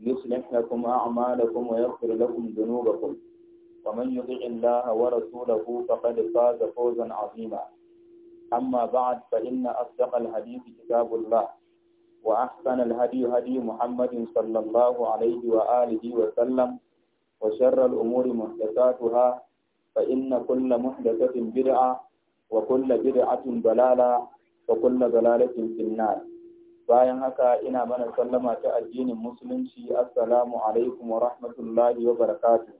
يصلح لكم أعمالكم ويغفر لكم ذنوبكم ومن يطع الله ورسوله فقد فاز فوزا عظيما أما بعد فإن أصدق الحديث كتاب الله وأحسن الهدي هدي محمد صلى الله عليه وآله وسلم وشر الأمور محدثاتها فإن كل محدثة بدعة وكل بدعة ضلالة وكل ضلالة في النار bayan haka ina mana sallama ta addinin musulunci assalamu alaikum wa rahmatullahi wa barakatu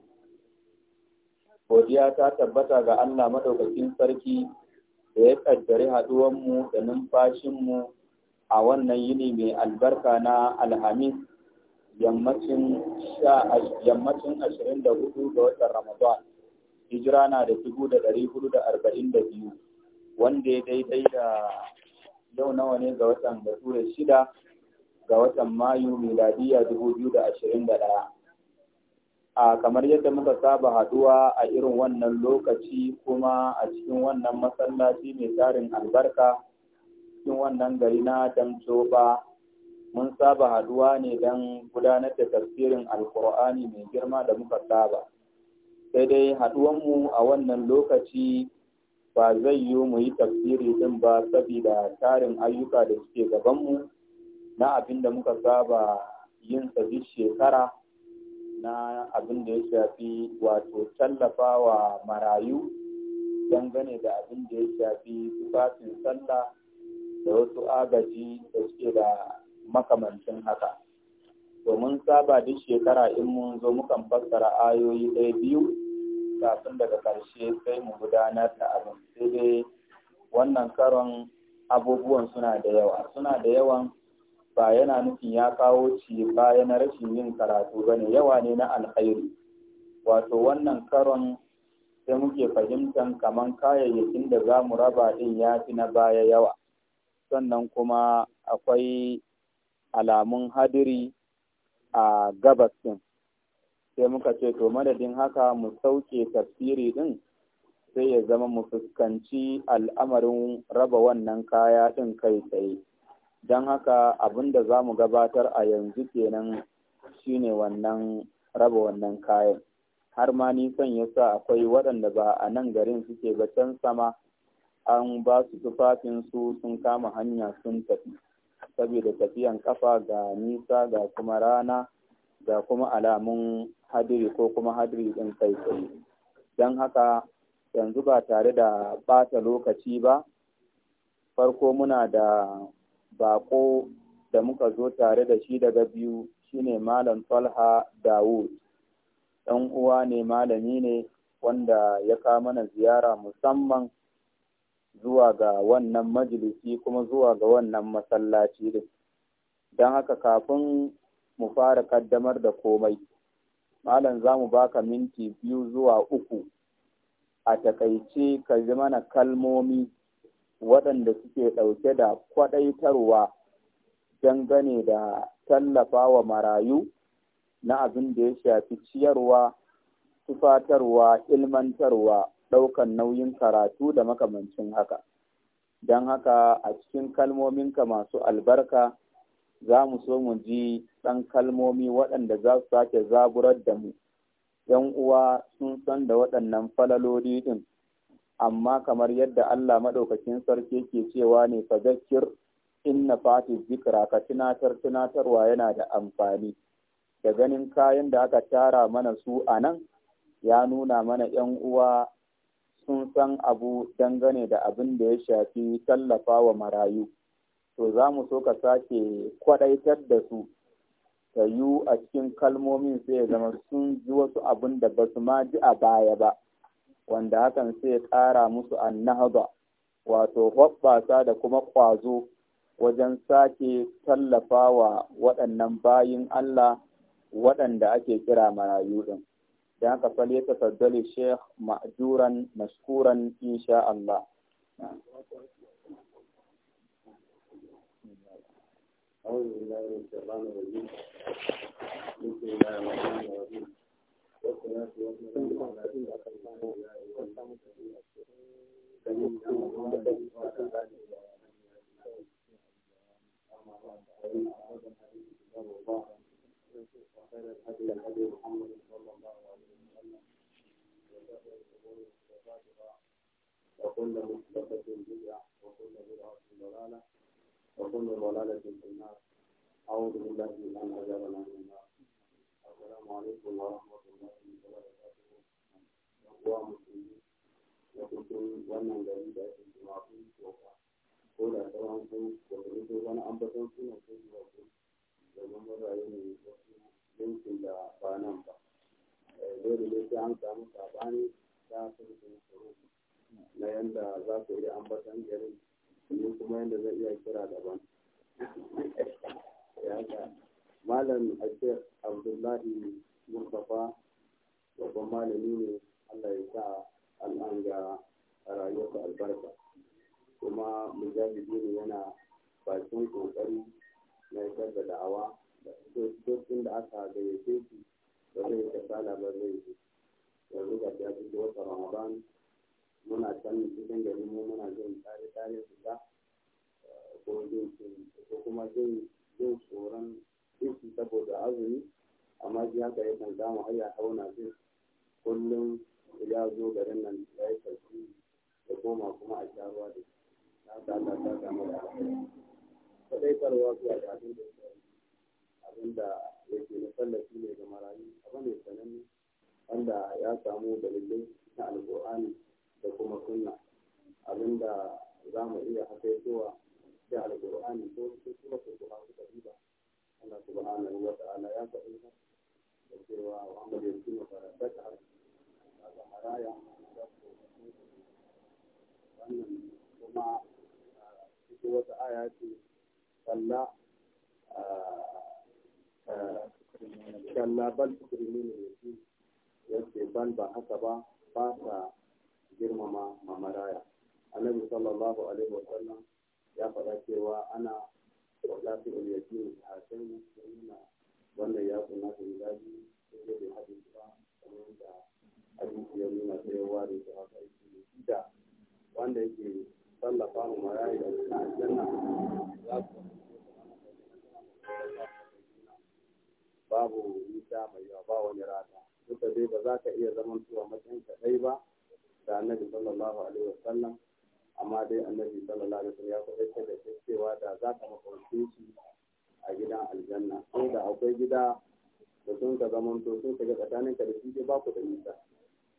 godiya ta tabbata ga Allah madaukakin sarki da ya kaddari haduwanmu da numfashinmu a wannan yini mai albarka na alhamis yammacin ashirin da hudu ga watan ramadan hijira na da dubu wanda ya daidai da yau nawa ne ga watan bature shida ga watan mayu miladiya dubu biyu da ashirin da ɗaya a kamar yadda muka saba haduwa a irin wannan lokaci kuma a cikin wannan masallaci mai tarin albarka cikin wannan gari na ba mun saba haduwa ne don gudanar da tafsirin alkur'ani mai girma da muka saba sai dai haduwanmu a wannan lokaci ba zai yiwu mu yi tafsiri din ba saboda tarin ayyuka da suke gabanmu na abin da muka saba yin sa duk shekara na abin da ya shafi wato tallafa wa marayu dangane da abin da ya shafi tufafin sallah da wasu agaji da suke da makamancin haka. domin saba duk shekara in mun zo mukan fassara ayoyi ɗaya biyu kafin daga ƙarshe sai mu gudanar da abin sai dai wannan karon abubuwan suna da yawa suna da yawan ba yana nufin ya kawo ci baya na rashin yin karatu ba ne yawa ne na alkhairi wato wannan karon sai muke fahimtar kamar kayayyakin da za mu raba ɗin ya fi na baya yawa sannan kuma akwai alamun hadiri a gabas ɗin sai muka ce to madadin haka mu sauke tafsiri din sai ya zama mu fuskanci al'amarin raba wannan kaya din kai tsaye don haka abin da za mu gabatar a yanzu kenan shine wannan raba wannan kayan har ma nisan ya sa akwai waɗanda ba a nan garin suke ba can sama an ba su tufafinsu sun kama hanya sun tafi saboda tafiyan kafa ga nisa ga kuma rana ga kuma alamun hadiri ko kuma hadiri ɗin kai tsaye don haka yanzu ba tare da ɓata lokaci ba farko muna da baƙo da muka zo tare da shi daga biyu shine malam talha dawud ɗan uwa ne malami ne wanda ya kama mana ziyara musamman zuwa ga wannan majalisi kuma zuwa ga wannan masallaci din don haka kafin mu fara kaddamar da komai malam za mu baka minti biyu zuwa uku a takaice ka ji mana kalmomi waɗanda suke ɗauke da kwaɗaitarwa dangane da tallafa wa marayu na abin da ya shafi ciyarwa tufatarwa ilmantarwa ɗaukan nauyin karatu da makamancin haka don haka a cikin kalmominka masu albarka za mu so mu ji san kalmomi waɗanda za su sake zaburar da mu ‘yan uwa sun san da waɗannan falaloli ɗin amma kamar yadda Allah maɗaukacin sarki ke cewa ne fa zakir inna fati zikra ka tunatar tunatarwa yana da amfani da ganin kayan da aka tara mana su a nan ya nuna mana ‘yan uwa sun san abu dangane da abin da ya shafi tallafa wa marayu to za mu so ka sake kwaɗaitar da su ta yiwu a cikin kalmomin sai ya zama sun ji wasu abin da ba su ma ji a baya ba wanda hakan sai ya ƙara musu annahaba wato hoɓɓasa da kuma ƙwazo wajen sake tallafawa waɗannan bayin Allah waɗanda ake kira marayu ɗin. Don haka fal ta tafaddali Sheikh ma'ajuran mashkuran insha Allah. أعوذ بالله من الشيطان الرجيم بسم الله الرحمن الرحيم والصلاة والسلام على أشرف الأنبياء والمرسلين سيدنا محمد وعلى آله أما بعد فإن أعوذ الحديث كتاب الله وخير الهدي هدي محمد صلى الله عليه وسلم وشر الأمور محدثاتها وكل محدثة بدعة وكل بدعة ضلالة وكل ضلالة في النار أعوذ بالله أن أجرنا من النار السلام عليكم ورحمة الله وبركاته يقوى مسلمين يقولون وانا ma da ake cewa kun tsoka ko da sauran sun kwakwari ko wani ambaton suna sun zuwa ku domin muraye ne wasu yankin da ba nan ba dole ne sai an samu sabani ta sun na yanda za ku yi ambaton garin sannan kuma yadda zai iya kira daban malam ashir abdullahi murtafa babban malami ne allah ya sa al'an ga rayuwarsa albarka kuma mujahidi ne yana bakin kokari na isar da da'awa dokin da aka gayyace shi ba zai kasala ba zai yanzu ga ya ke wata ramadan muna can cikin gari mu muna jin tare tare su ga ko jin ko kuma jin jin tsoron iski saboda azumi amma shi haka yakan kama har ya auna kullum ya zo garin nan ya yi sarki ya koma kuma a sha ruwa da ta ta ta ta mai alaƙa faɗaitarwa zuwa da abin da abin da ke na tallafi ne ga marayu abu ne sananne wanda ya samu dalilai na alƙur'ani da kuma sunna abinda za mu iya hasaitowa da alƙur'ani ko su kuma su kuma su kariba Allah subhanahu wa ta'ala ya faɗi da cewa Muhammad ya kuma farabata a ga maraya wannan kuma cikin wata aya ce kalla kalla bal bal ba haka ba ba girmama mamaraya annabi sallallahu alaihi wa sallam ya faɗa cewa ana wallafi ulyatin hasan sunna wannan ya kunna ta ilahi sai da bai hadin ba kamar da hadisi ya nuna sai yawa da ta haka yake da wanda yake sallafa mu marayi da suna aljanna za su babu nisa mai yawa ba wani rata duka dai ba za ka iya zaman tuwa matsayin kaɗai ba da annabi sallallahu alaihi wasallam amma dai annabi sallallahu alaihi wasallam ya kwaɗaita da cewa da za ka makwarci shi a gidan aljanna inda da akwai gida da sun ka zama to sun ga tsakanin ka da shi ba ku da nisa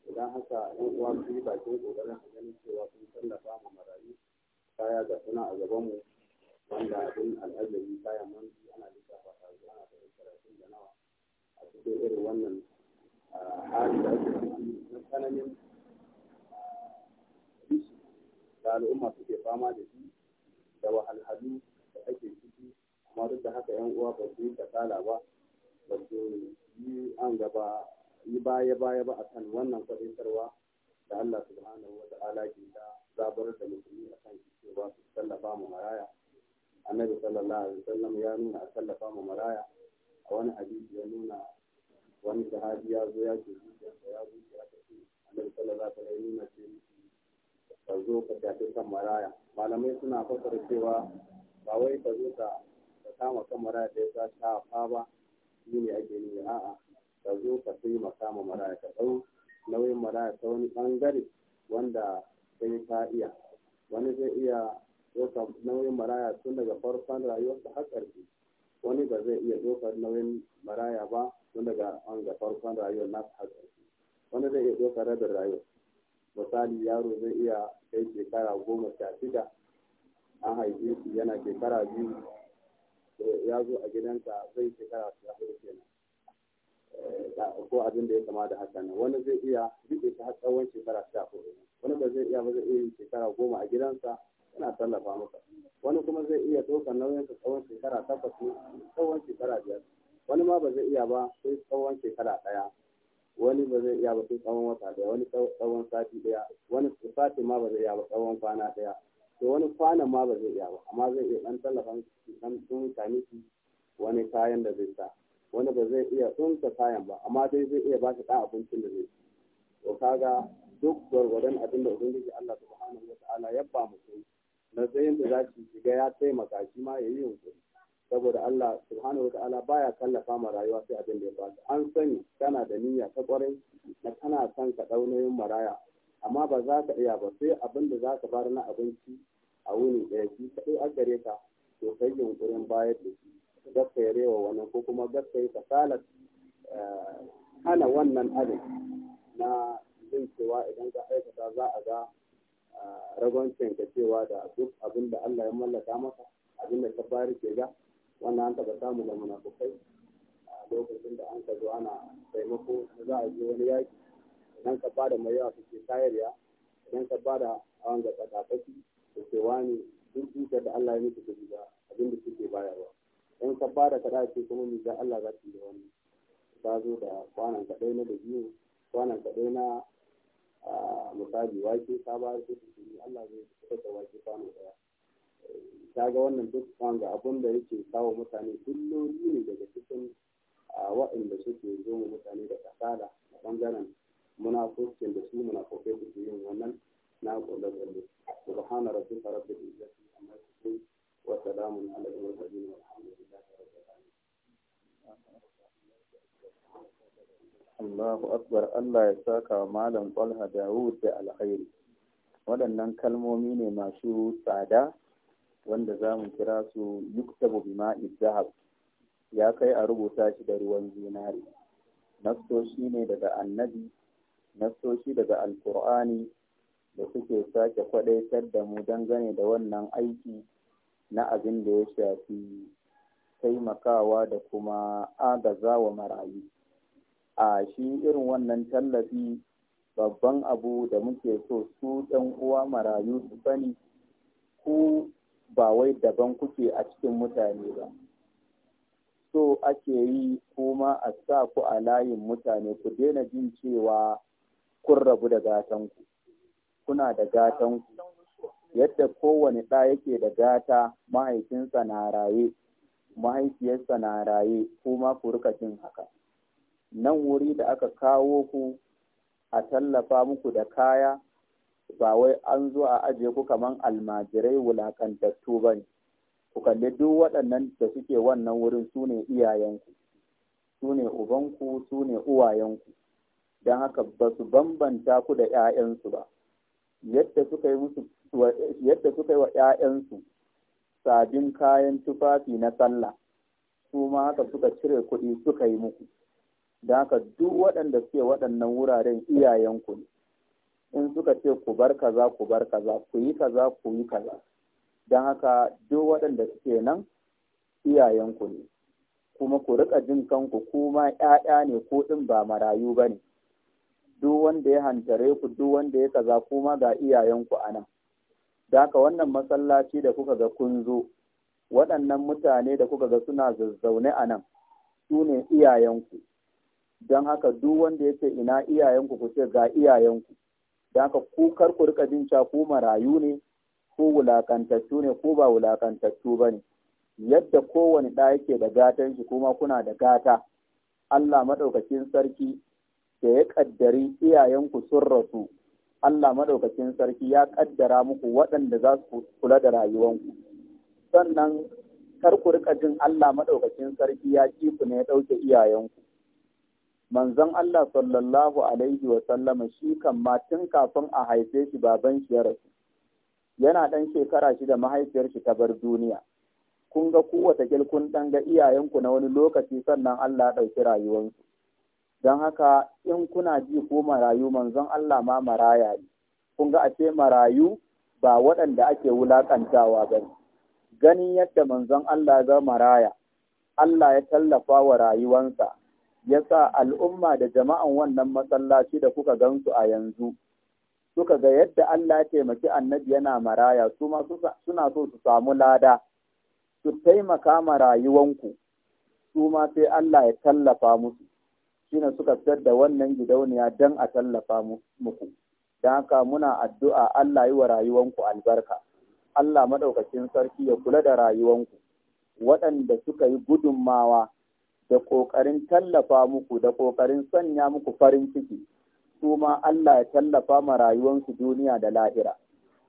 idan haka yan uwa su yi bakin kokarin a ganin cewa sun tallafa ma marayu kaya ga suna a gaban mu wanda abin al'ajabi kaya man ana lissafa ta ana da karatun da nawa a cikin irin wannan hali da ake na tsananin da al'umma suke fama da shi da wahalhalu da ake ciki amma duk da haka yan uwa ba su yi kasala ba ba su yi an gaba yi baya baya ba akan wannan fahimtarwa da Allah subhanahu wa ta'ala ke da zabar da musulmi akan cewa su tallafa mu maraya annabi sallallahu alaihi wasallam ya nuna a tallafa mu maraya a wani hadisi ya nuna wani jihadi ya zo ya ce zuciyarsa ya zuciya ta ce annabi sallallahu alaihi wasallam ya nuna ce ka zo ka shafi kan maraya malamai suna fasar cewa ba wai ka zo ka kama kan maraya da ya sa fa ba shi ne ake nuna a'a ka zo ka taimaka makama maraya ka ɗau nauyin maraya ta wani bangare wanda sai ka iya wani zai iya ɗaukar nauyin maraya tun daga farkon rayuwarsa har ƙarshe wani ba zai iya ɗaukar nauyin maraya ba tun daga an ga farkon rayuwar nasa har ƙarshe wani zai iya ɗaukar rabin rayuwa misali yaro zai iya kai shekara goma sha shida an haife shi yana shekara biyu ya zo a gidanka zai shekara sha hudu kenan eh, ko abin da ya kama da haka nan wani zai iya riƙe shi har tsawon shekara sha hudu wani ba zai iya ba zai iya yin shekara goma a gidansa yana tallafa masa wani kuma zai iya ɗaukar nauyin sa tsawon shekara takwas tsawon shekara biyar wani ma ba zai iya ba sai tsawon shekara ɗaya wani ba zai iya ba sai tsawon wata daya wani tsawon sati daya wani sati ma ba zai iya ba tsawon kwana daya to wani kwana ma ba zai iya ba amma zai iya dan tallafan dan tsunka miki wani kayan da zai sa wani ba zai iya tsunka kayan ba amma dai zai iya ba shi dan abincin da zai ci to kaga duk gwargwadon abin da ubangiji Allah subhanahu ta'ala ya ba mu na tsayin da zaki shiga ya taimaka shi ma ya yi yunkuri saboda Allah subhanahu wa ta'ala baya kallafa ma rayuwa sai abin da ya baka an sani kana da niyya ta kwarai na kana son ka daunayin maraya amma ba za ka iya ba sai abin da za ka bar na abinci a wuni ɗaya shi kaɗai a gare ka to kai yunkurin bayar da shi gaska ya rewa wani ko kuma gaska ya kasalar eh, hana wannan abin na yin cewa idan ka aikata za a ga eh, ragon canza cewa da duk abin da Allah ya mallaka maka abin da ka bayar ke ga wannan an taɓa samu da munafukai a lokacin da an ka zo ana taimako za a je wani yaƙi idan ka ba da mai yawa suke tayarya idan ka ba da awon ga tsakatsaki da ke wani duk dukiyar da Allah ya miki da gida abin da suke bayarwa idan ka ba da kaɗa ce kuma mu da Allah za su yi wani ta zo da kwanan kaɗai na da biyu kwanan kaɗai na misali wake ta ba da su Allah zai fitar da wake kwanan ɗaya kaga wannan duk wanga abun da yake kawo mutane illoli ne daga cikin waɗanda suke zo mutane da kasala a ɓangaren munafurcin da su munafukai su yin wannan na ƙulla ƙulla subhana rabbika rabbil izzati amma yasifun wa salamun ala al-mursalin walhamdulillahi rabbil alamin Allahu akbar Allah ya saka malam Talha Dawud da alkhairi waɗannan kalmomi ne masu tsada wanda za mu kira su yuktabu bima zahab ya kai a rubuta shi da ruwan zinari nastoshi ne daga annabi shi daga alkur'ani da suke sake kwadaitar da mu dangane da wannan aiki na abin da ya shafi taimakawa da kuma agaza wa marayu a shi irin wannan tallafi babban abu da muke so su ɗan uwa marayu su sani ku ba wai daban kuke a cikin mutane ba so ake yi kuma a sa ku a layin mutane ku daina jin cewa kun rabu da gatanku kuna da gatanku yadda kowane ɗa yake da gata mahaifinsa na raye mahaifiyarsa na raye kuma ku rika jin haka nan wuri da aka kawo ku a tallafa muku da kaya ba wai an zo a ajiye ku kaman almajirai wulakantattu ba ne ku kalli duk waɗannan da suke wannan wurin su ne iyayenku su ne ubanku su ne uwayenku don haka ba su bambanta ku da 'ya'yansu ba yadda suka yi wa 'ya'yansu sabin kayan tufafi na sallah su ma haka suka cire kuɗi suka yi muku don haka duk waɗanda suke waɗannan wuraren iyayenku ne in suka ce ku bar kaza ku bar kaza ku yi kaza ku yi kaza don haka duk waɗanda suke nan iyayenku ne kuma ku riƙa jin kanku kuma ‘ya'ya ne ko ɗin ba marayu ba ne duk wanda ya hantare ku duk wanda ya kaza kuma ga iyayenku a nan da haka wannan masallaci da kuka ga kun zo waɗannan mutane da kuka ga suna zazzaune a nan su ne iyayenku don haka duk wanda ya ce ina iyayenku ku ce ga iyayenku da haka ku kar ku rika jin cewa ku marayu ne ko wulakantattu ne ko ba wulakantattu ba ne yadda kowane ɗa yake da gatan shi kuma kuna da gata Allah maɗaukakin sarki da ya ƙaddari iyayenku sun rasu Allah maɗaukakin sarki ya ƙaddara muku waɗanda za su kula da rayuwanku sannan kar ku rika jin Allah maɗaukakin sarki ya ci ku ne ya ɗauke iyayenku manzon Allah sallallahu alaihi wa sallama shi kan ma tun kafin a haife shi baban shi ya rasu yana ɗan shekara shi da mahaifiyar shi ta bar duniya kun ga kowace kun ɗan ga iyayenku na wani lokaci sannan Allah ɗauki rayuwarsu don haka in kuna ji ko marayu manzon Allah ma maraya ne kun ga ashe marayu ba waɗanda ake wulaƙantawa ba ne ganin yadda manzon Allah ga maraya Allah ya tallafa wa rayuwansa ya sa al'umma da jama'an wannan masallaci da kuka gansu a yanzu suka ga yadda Allah ya taimaki annabi yana maraya su ma suna so su samu lada su taimaka ma rayuwanku su ma sai Allah ya tallafa musu shi ne suka fitar da wannan gidauniya don a tallafa muku don haka muna addu'a Allah yi wa rayuwanku albarka Allah maɗaukacin sarki ya kula da rayuwanku waɗanda suka yi gudunmawa da ƙoƙarin tallafa muku da ƙoƙarin sanya muku farin ciki su ma Allah ya tallafa ma rayuwarsu duniya da lahira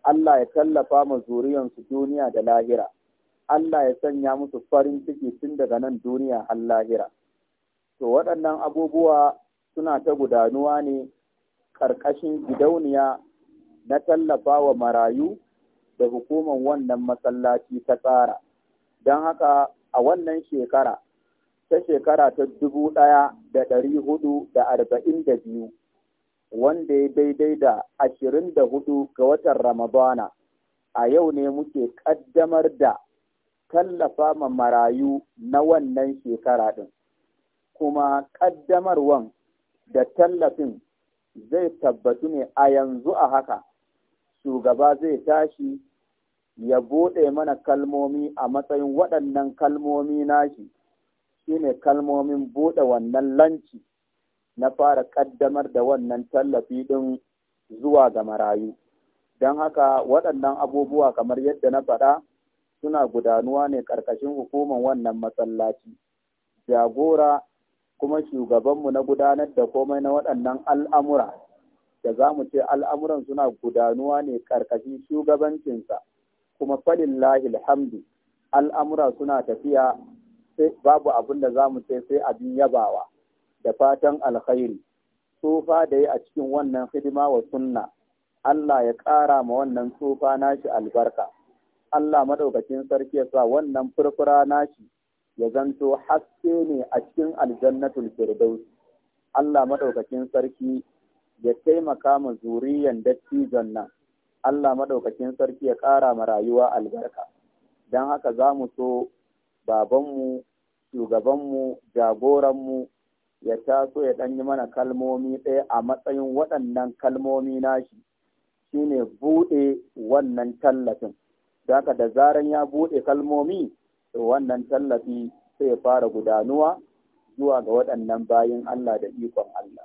Allah ya tallafa ma zuriyarsu duniya da lahira Allah ya sanya musu farin ciki tun daga nan duniya har lahira to waɗannan abubuwa suna ta gudanuwa ne ƙarƙashin gidauniya na tallafa wa marayu da hukumar wannan masallaci ta tsara don haka a wannan shekara ta shekara ta dubu ɗaya da ɗari hudu da arba'in da biyu wanda ya daidai da ashirin da hudu ga watan ramadana a yau ne muke ƙaddamar da tallafa ma marayu na wannan shekara ɗin kuma ƙaddamarwan da tallafin zai tabbatu ne a yanzu a haka shugaba zai tashi ya buɗe mana kalmomi a matsayin waɗannan kalmomi nashi shine kalmomin buɗe wannan lanci na fara ƙaddamar da wannan tallafi ɗin zuwa ga marayu. Don haka waɗannan abubuwa kamar yadda na faɗa suna gudanuwa ne ƙarƙashin hukumar wannan masallaci. Jagora kuma shugabanmu na gudanar da komai na waɗannan al'amura da za mu ce al'amuran suna gudanuwa ne ƙarƙashin shugabancinsa kuma falin alhamdu al'amura suna tafiya babu abin da za mu ce sai abin yabawa da fatan alkhairi tsufa da ya a cikin wannan hidima wa sunna Allah ya ƙara ma wannan tsufa nashi albarka Allah maɗaukacin sarki ya sa wannan furfura nashi ya zanto haske ne a cikin aljannatul firdaus Allah maɗaukacin sarki ya taimaka ma zuriyan dattijon nan Allah maɗaukacin sarki ya ƙara ma rayuwa albarka don haka za mu so babanmu shugabanmu jagoranmu ya taso ya ɗanyi mana kalmomi ɗaya a matsayin waɗannan kalmomi nashi shine buɗe wannan tallafin haka da zaran ya buɗe kalmomi to wannan tallafi sai fara gudanuwa zuwa ga waɗannan bayan Allah da ikon Allah.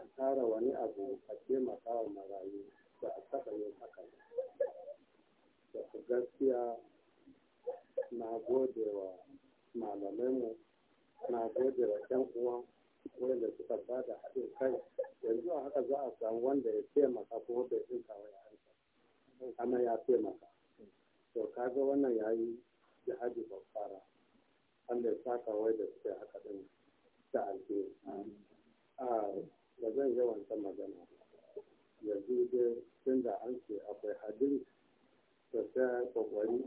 a tara wani abu a taimaka wa marayu da a taɓa yin haka da ku gaskiya na gode wa mu, na gode wa ƴan uwa wanda suka ba da haɗin kai yanzu a haka za a samu wanda ya taimaka ko wanda ya wa ya amma ya taimaka to kaga wannan ya yi jihadi babbara Allah ya saka wai da suke haka ɗin da alheri da zan yi yawanta magana yanzu dai tun da an ce akwai hadin da ta kwakwari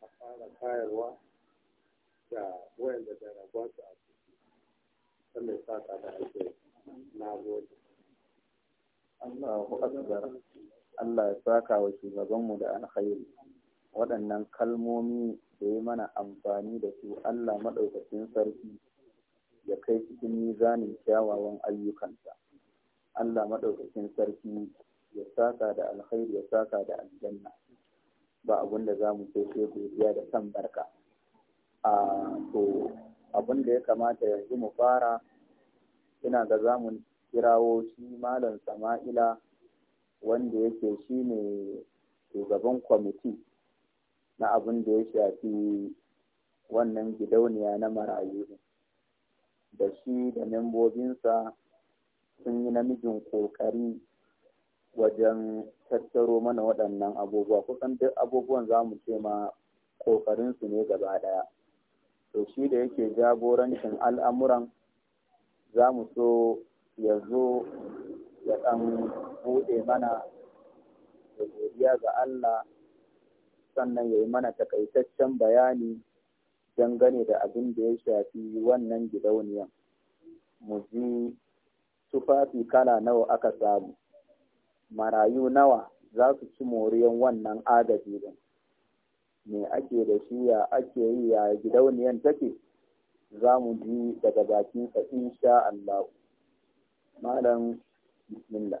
a fara kayarwa da wayanda da su a ciki ta mai sata da ake na gode ku Allah ya saka wa shugabanmu da alkhairi waɗannan kalmomi da ya mana amfani da su Allah maɗaukacin sarki ya kai cikin mizanin kyawawan ayyukansa Allah maɗaukakin sarki ya saka da alkhairi ya saka da aljanna ba abin da za mu sai sai godiya da san barka a to abin da ya kamata yanzu mu fara ina ga za mu kirawo shi malam sama'ila wanda yake shi ne shugaban kwamiti na abin da ya shafi wannan gidauniya na marayu da shi da membobinsa sun yi namijin kokari wajen tattaro mana waɗannan abubuwa kusan duk abubuwan za mu ce ma ƙoƙarinsu ne gaba ɗaya to shi da yake jagorancin al'amuran za mu so ya zo ya ɗan buɗe mana da godiya ga Allah sannan ya yi mana takaitaccen bayani dangane da abin da ya shafi wannan gidauniyan mu ji tufafi kala nawa aka samu marayu nawa za su ci moriyan wannan agaji din me ake da shi ya ake yi ya gidauniyan take za mu ji daga bakinsa insha Allah malam bismillah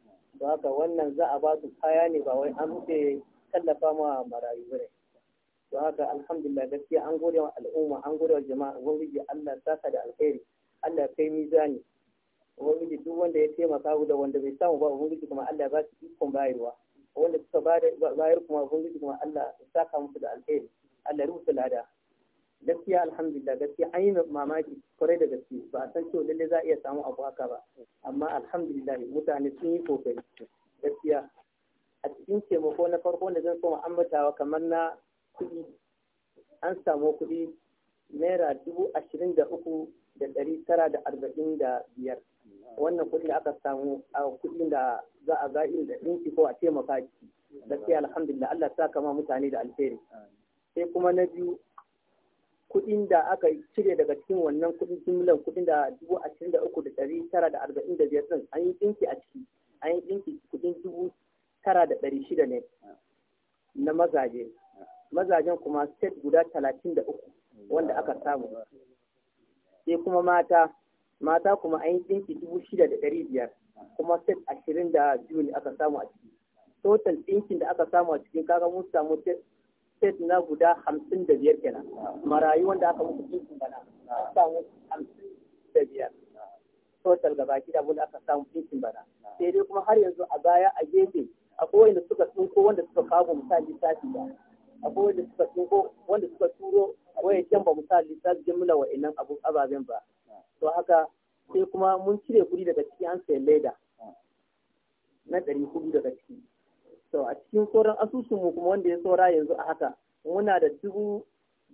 to haka wannan za a ba su kaya ne ba wai an rufe tallafa ma marayu bane to haka alhamdulillah gaskiya an gode wa al'umma an gode wa jama'a ubangiji Allah saka da alkhairi Allah kai mizani ubangiji duk wanda ya taimaka da wanda bai samu ba ubangiji kuma Allah ba su ikon bayarwa wanda suka bayar kuma ubangiji kuma Allah saka musu da alkhairi Allah rubuta lada gaskiya alhamdulillah gaskiya an yi mamaki kwarai da gaske ba a san cewa lalle za a iya samu abu haka ba amma alhamdulillah mutane sun yi kokari gaskiya a cikin taimako na farko da zan so mutawa kamar na kuɗi an samu kuɗi naira dubu ashirin da uku da ɗari tara da arba'in da biyar wannan kuɗi da aka samu a kuɗin da za a ga da ɗinki ko a taimaka ciki gaskiya alhamdulillah Allah ta kama mutane da alheri sai kuma na biyu kuɗin da aka cire daga cikin wannan kuɗin jimlan kuɗin da dubu ashirin da uku da dari tara da arba'in da biyar ɗin an yi ɗinki a ciki an yi ɗinki kuɗin dubu tara da dari shida ne na mazaje mazajen kuma set guda talatin da uku wanda aka samu sai kuma mata mata kuma an yi ɗinki dubu shida da dari biyar kuma set ashirin da biyu ne aka samu a ciki total ɗinkin da aka samu a cikin kaga mun samu set state na guda hamsin da biyar kenan marayu wanda aka mutu cikin bana samu hamsin da biyar total gaba ki da wanda aka samu cikin bana sai dai kuma har yanzu a baya a gefe akwai wanda suka tsinko wanda suka kawo misali lissafi ba akwai wanda suka tsinko wanda suka turo can ba misali lissafi jimla wa'annan abu ababen ba to haka sai kuma mun cire kuɗi daga ciki an sayi leda na ɗari hudu daga ciki to a cikin sauran asusunmu kuma wanda ya saura yanzu a haka muna da dubu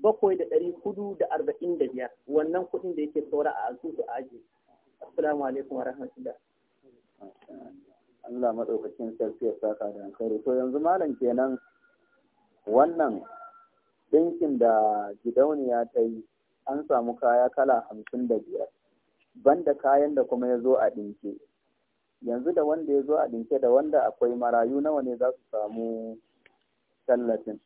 bakwai da ɗari hudu da arba'in da biyar wannan kuɗin da yake saura a asusu a aji assalamu alaikum wa rahmatullah Allah maɗaukakin sarki ya saka da hankali to yanzu malam kenan wannan ɗinkin da gidauniya ta yi an samu kaya kala hamsin da biyar banda kayan da kuma ya zo a ɗinke yanzu da wanda ya zo a ɗinke da wanda akwai marayu nawa ne za su samu tallafin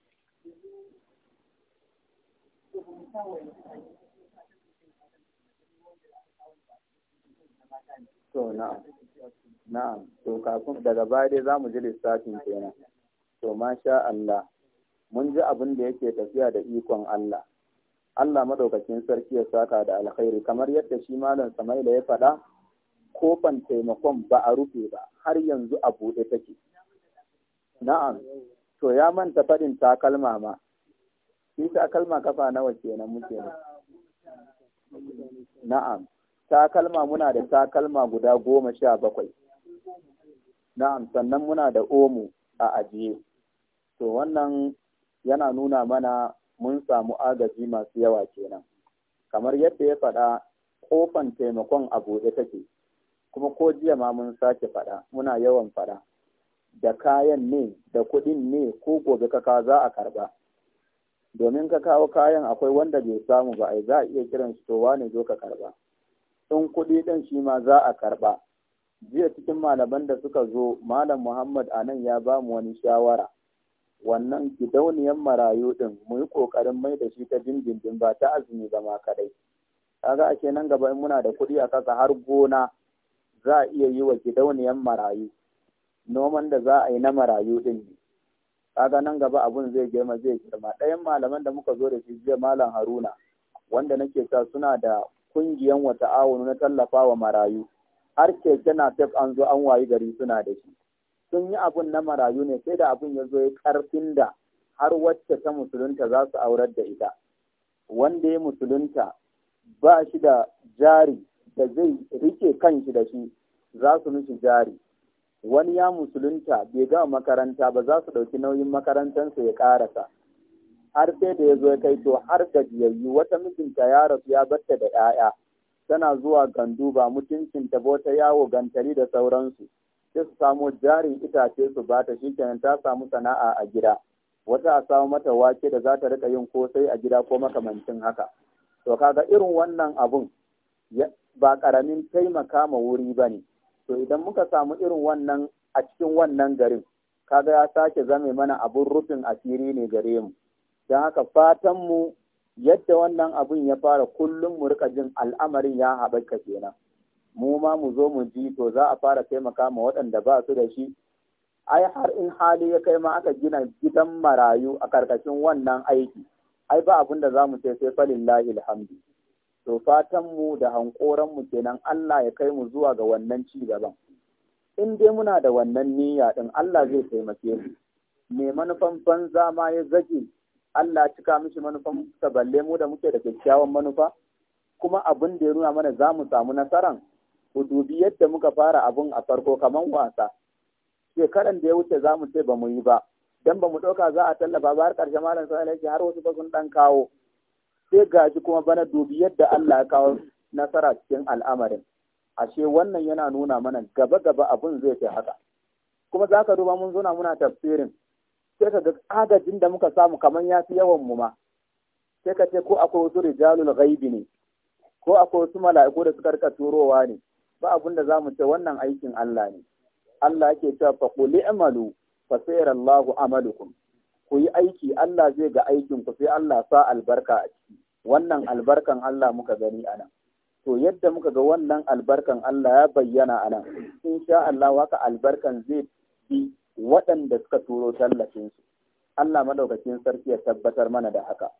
to na'am na'am to kafin daga baya dai za mu ji lissafin kenan to masha Allah mun ji abin da yake tafiya da ikon Allah Allah madaukakin sarki ya saka da alkhairi kamar yadda shi malam Samaila ya faɗa kofan taimakon ba a rufe ba har yanzu a buɗe take na'am to ya manta faɗin takalma ma shi takalma kafa nawa kenan muke nan na'am takalma muna da takalma guda goma sha bakwai na'am sannan muna da Omu a ajiye to wannan yana nuna mana mun samu agaji masu yawa kenan kamar yadda ya faɗa kofan taimakon a buɗe take kuma ko jiya ma mun sake faɗa muna yawan faɗa da kayan ne da kuɗin ne ko gobe kaka za a karɓa domin ka kawo kayan akwai wanda bai samu ba ai za a iya kiran shi to wane zo ka karɓa in kuɗi ɗin shi ma za a karɓa jiya cikin malaman da suka zo malam muhammad anan ya ba mu wani shawara wannan gidauniyar marayu ɗin mu yi ƙoƙarin mai da shi ta dindindin ba ta azumi ba ma kadai kaga a nan gaba in muna da kuɗi a kasa har gona za a iya yi wa gidauniyan marayu noman da za a yi na marayu din ne kaga nan gaba abun zai girma zai girma ɗayan malaman da muka zo da shi jiya malam haruna wanda nake sa suna da kungiyan wata awonu na tallafa wa marayu har keke na tef an zo an wayi gari suna da shi sun yi abun na marayu ne sai da abun ya zo ya karfin da har wacce ta musulunta za su aurar da ita wanda ya musulunta ba shi da jari da zai rike kanshi da shi za su mishi jari wani ya musulunta bai gama makaranta ba za su ɗauki nauyin makarantansa ya ƙarasa har sai da ya zo ya kai to har da biyayyu wata mijinta ya rasu ya batta da 'ya'ya tana zuwa gandu ba ta ba ta yawo gantari da sauransu sai su samo jarin itace su bata shi ta samu sana'a a gida wata a samu mata wake da za ta rika yin kosai a gida ko makamancin haka to kaga irin wannan abun ba ƙaramin taimaka ma wuri ba ne. To idan muka samu irin wannan a cikin wannan garin, kaga ya sake zame mana abun rufin asiri ne gare mu. Don haka fatanmu yadda wannan abun ya fara kullum mu rika jin al'amarin ya haɓaka kenan. Mu ma mu zo mu ji to za a fara taimaka ma waɗanda ba su da shi. Ai har in hali ya kai ma aka gina gidan marayu a ƙarƙashin wannan aiki. Ai ba abin da za mu ce sai falillahi alhamdu. to fatan mu da hankoran mu kenan Allah ya kai mu zuwa ga wannan ci gaban. In dai muna da wannan niyya din Allah zai taimake mu. Me manufan banza ma ya zage Allah cika mishi manufan ta balle mu da muke da kyakkyawan manufa? Kuma abin da ya nuna mana za mu samu nasaran, ku dubi yadda muka fara abin a farko kamar wasa. Shekaran da ya wuce za mu ce ba mu yi ba, don ba mu ɗauka za a tallafa ba har ƙarshe malam sai har wasu ba sun ɗan kawo. sai gaji kuma bana dubi yadda Allah ya kawo nasara cikin al'amarin ashe wannan yana nuna mana gaba gaba abun zai ce haka kuma za ka duba mun zuna muna tafsirin sai ka ga agajin da muka samu kamar ya fi yawan mu ma sai ka ce ko akwai wasu rijalul ghaibi ne ko akwai wasu mala'iku da suka rika turowa ne ba abun da zamu ce wannan aikin Allah ne Allah yake cewa fa qul i'malu fa sayarallahu amalukum ku yi aiki Allah zai ga aikin ku sai Allah sa albarka a ciki wannan albarkan Allah muka gani a nan to yadda muka ga wannan albarkan Allah ya bayyana a nan sha Allah haka albarkan zai bi waɗanda suka turo tallafin su Allah madaukakin sarki ya tabbatar mana da haka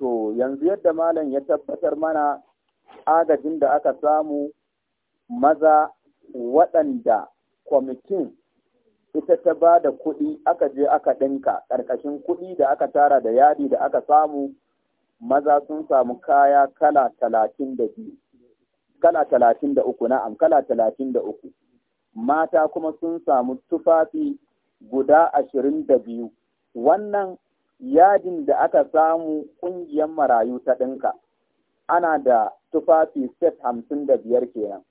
to yanzu yadda malam ya tabbatar mana agajin da aka samu maza waɗanda kwamitin ita ta ba da kuɗi aka je aka ɗinka ƙarƙashin kuɗi da aka tara da yadi da aka samu maza sun samu kaya kala talatin da biyu kala talatin da uku na'am kala talatin da uku mata kuma sun samu tufafi guda ashirin da biyu wannan yadin da aka samu ƙungiyar marayu ta ɗinka ana da tufafi set hamsin da biyar kenan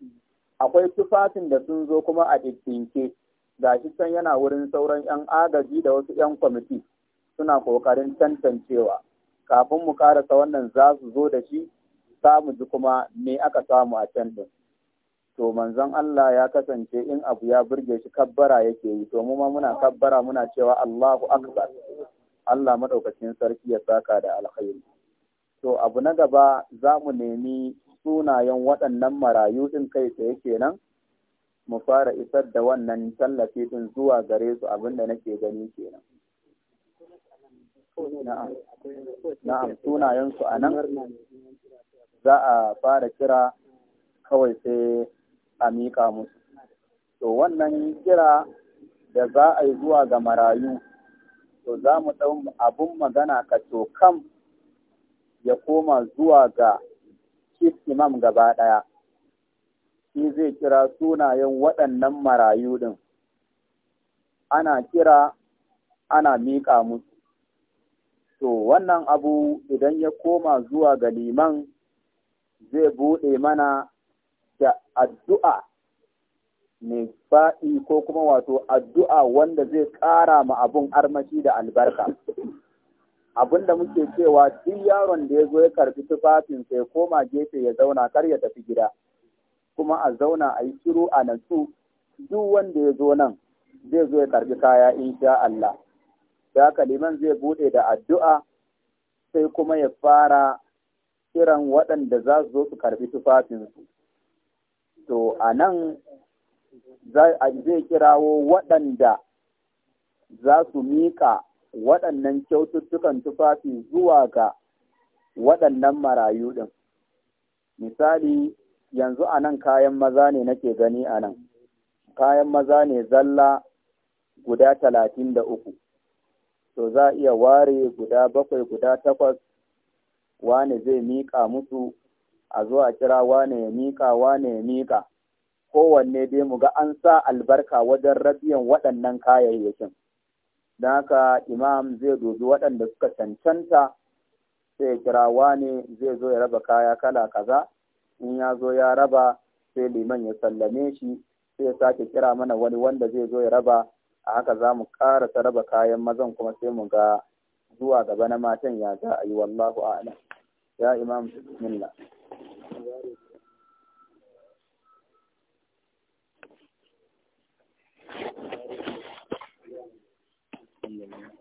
akwai tufafin da sun zo kuma a ɗinke ga can yana wurin sauran 'yan agaji da wasu 'yan kwamiti suna kokarin tantancewa kafin mu karasa wannan za su zo da shi samu ji kuma me aka samu a can ɗin. to manzon Allah ya kasance in abu ya burge shi kabbara yake yi to mu ma muna kabbara muna cewa Allahu akbar Allah madaukakin sarki ya saka da alkhairi to abu na gaba za mu nemi sunayen waɗannan marayu din kai tsaye kenan mu fara isar da wannan tallafi din zuwa gare su abinda nake gani kenan na'am sunayensu a nan za a fara kira kawai sai a miƙa musu to wannan kira da za a yi zuwa ga marayu to za mu ɗau abin magana ka to kam ya koma zuwa ga chief imam gaba ɗaya shi zai kira sunayen waɗannan marayu ɗin. Ana kira, ana miƙa musu. To, wannan abu idan ya koma zuwa ga liman zai buɗe mana da addu'a mai faɗi ko kuma wato addu'a wanda zai ƙara ma abun armashi da albarka. Abin da muke cewa duk yaron da ya zo ya karfi tufafinsa ya koma gefe ya zauna kar ya tafi gida. kuma a zauna a yi shiru a natsu duk wanda ya zo nan zai zo ya karbi kaya in sha Allah da kaliman zai bude da addu'a sai kuma ya fara kiran waɗanda za su zo su karbi tufafinsu to a nan zai kirawo waɗanda za su miƙa waɗannan kyaututtukan tufafi zuwa ga waɗannan marayu ɗin. Misali, yanzu a nan kayan maza ne nake gani a nan kayan maza ne zalla guda talatin da uku to za a iya ware guda bakwai guda takwas wane zai miƙa musu a zuwa a kira wane ya miƙa wane ya miƙa kowanne dai mu ga an sa albarka wajen rabiyan waɗannan kayayyakin don haka imam zai dubi waɗanda suka cancanta sai ya kira zai zo ya raba kaya kala kaza in ya zo ya raba sai liman ya sallame shi sai ya sake kira mana wani wanda zai zo ya raba a haka za mu ƙarasa raba kayan mazan kuma sai mu ga zuwa gaba na matan ya za a yi wallahu a'lam ya imam bismillah Thank you.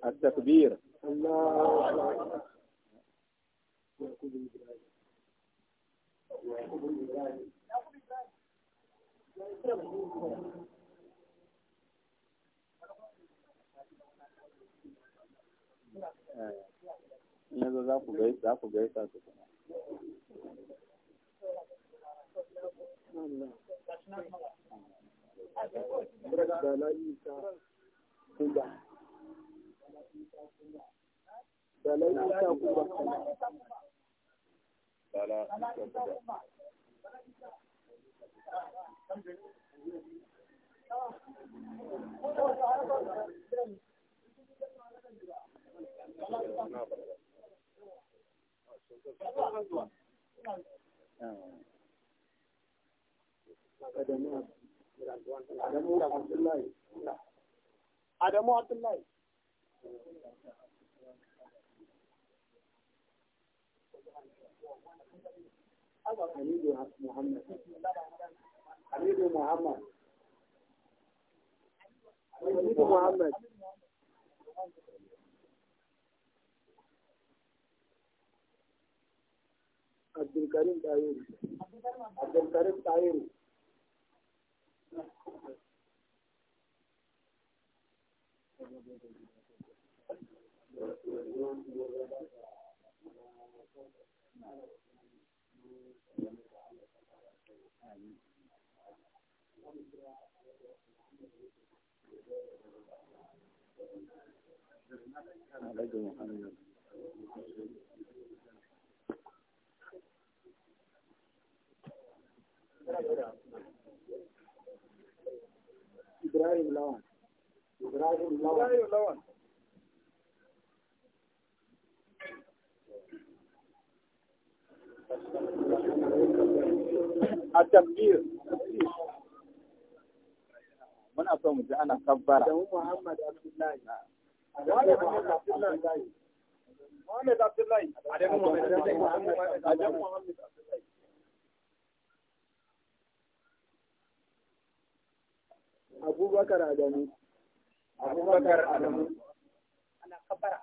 التكبير الله Ou é a comunidade? Ou é a comunidade? É a comunidade. É para mim, É. Ainda dá pro gay, dá pro gay, tá tudo bem. Dalai Lama Kuba. فلا Adamu Abdullahi. Adamu Abdullahi. Hamidu Muhammad. Hamidu Muhammad. Hamidu Muhammad. Abdulkarim Tayiru. Abdulkarim Tayiru. Thank you. إبراهيم لون إبراهيم لون a tambir muna mu ji ana kabbara da Muhammad Abdullahi Muhammad Abdullahi Adamu Muhammad Abdullahi Adamu Muhammad Abdullahi Abubakar Adamu Abubakar Adamu ana kabbara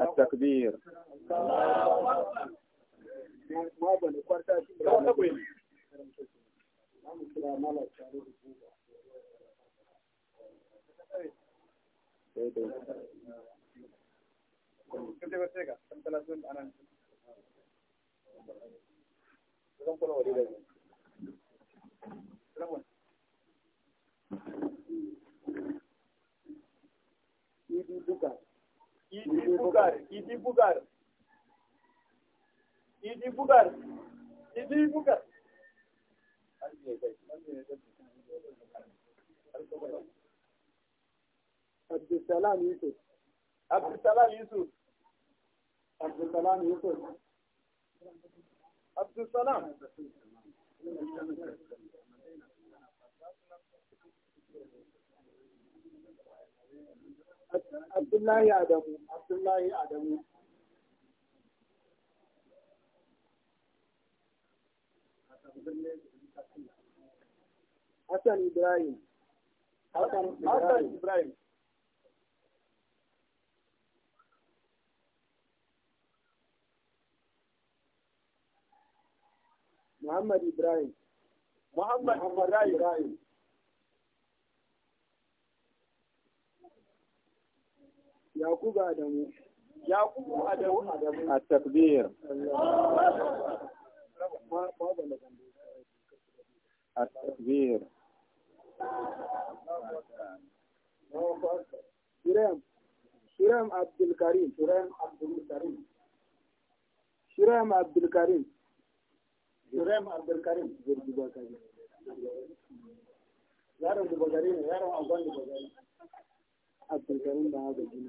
التكبير Thank you. Idi Bukar. Idi Bukar. Idi Bukar. Idi Bukar. Idi Bukar. Abdulsalam Yusuf. Abdulsalam Yusuf. Abdulsalam Yusuf. Abdulsalam. Abdullahi Adamu, Abdullahi Adamu. Hassan Ibrahim. Hassan Ibrahim. Muhammad Ibrahim. Muhammad Ibrahim. Yakubu Adamu. A takbir. Shirem. Shirem Shirem Shirem Shirem a shekarun da haka gina.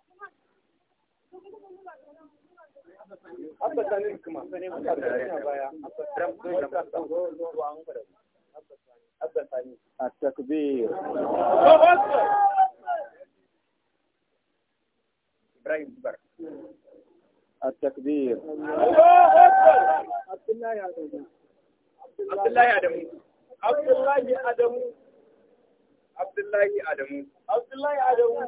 Abbasanin kuma, Abbasanin baya, Abbasanin. At-takbir. Ibrahim Dubar. التكبير عبد الله يا ادم عبد الله يا ادم عبد الله يا ادم عبد الله يا ادم عبد الله يا ادم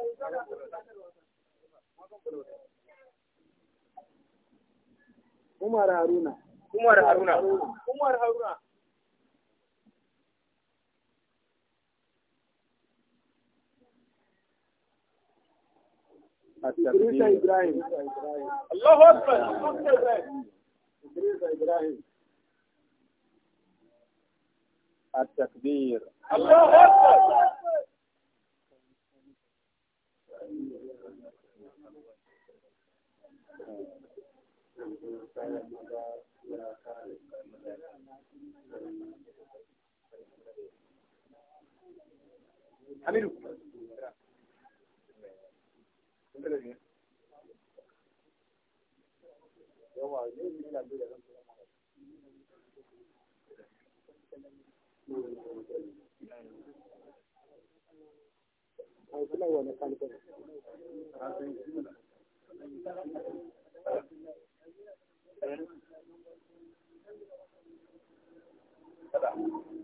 Umar Haruna. Umar Haruna. Umar Haruna. Idrisa Ibrahim. Allah Akbar. Idrisa Ibrahim. التكبير الله أكبر Hamidu. Thank you.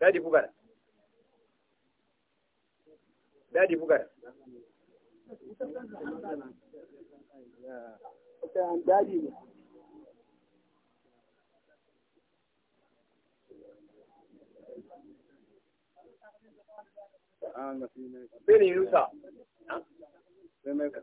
dadi bugara dadi bugara ne Yusa. Yusa.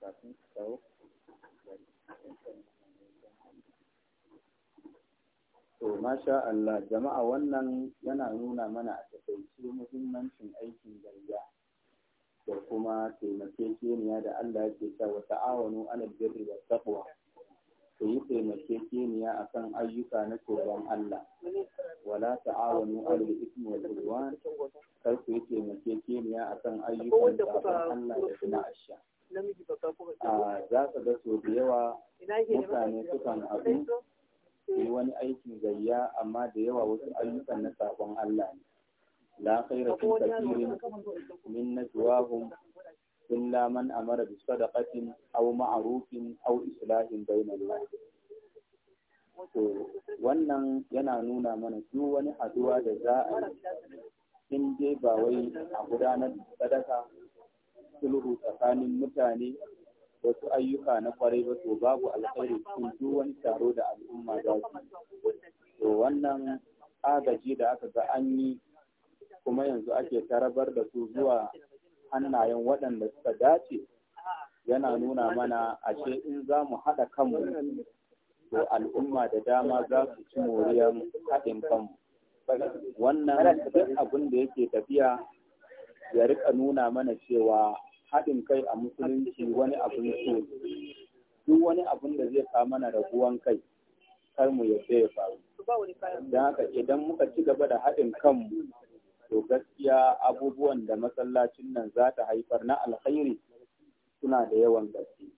kafin to masha Allah jama'a wannan yana nuna mana a takaice muhimmancin aikin gariya. da kuma keniya da Allah ke sa wa ta'awanu alal birri ta taqwa ku yi a kan ayyuka na tsoron Allah wala ta'awanu alal ismi wa tsoron, kar ku yi a kan ayyukan tsoron Allah da kuma asha namiji babba ko ah, za ka ga da yawa mutane sukan haɗu yi wani aikin gayya amma da yawa wasu ayyukan na sakon Allah ne la khaira fi kathirin min najwahum illa man amara bi sadaqatin aw ma'rufin aw islahin bainal nas to wannan yana nuna mana duk wani haduwa da za a yi in dai ba wai a gudanar da sadaka sulhu tsakanin mutane wasu ayyuka na kwarai ba to babu alkhairi cikin duk wani taro da al'umma za su to wannan agaji da aka ga an yi kuma yanzu ake tarabar da su zuwa hannayen waɗanda suka dace yana nuna mana ashe in za mu haɗa kanmu to al'umma da dama za su ci moriyar haɗin kanmu wannan duk abin da yake tafiya ya rika nuna mana cewa haɗin kai a musulunci wani abin so duk wani abin da zai kawo mana raguwan kai kar mu yadda ya faru don haka idan muka ci gaba da haɗin kanmu to gaskiya abubuwan da masallacin nan za ta haifar na alkhairi suna da yawan gaske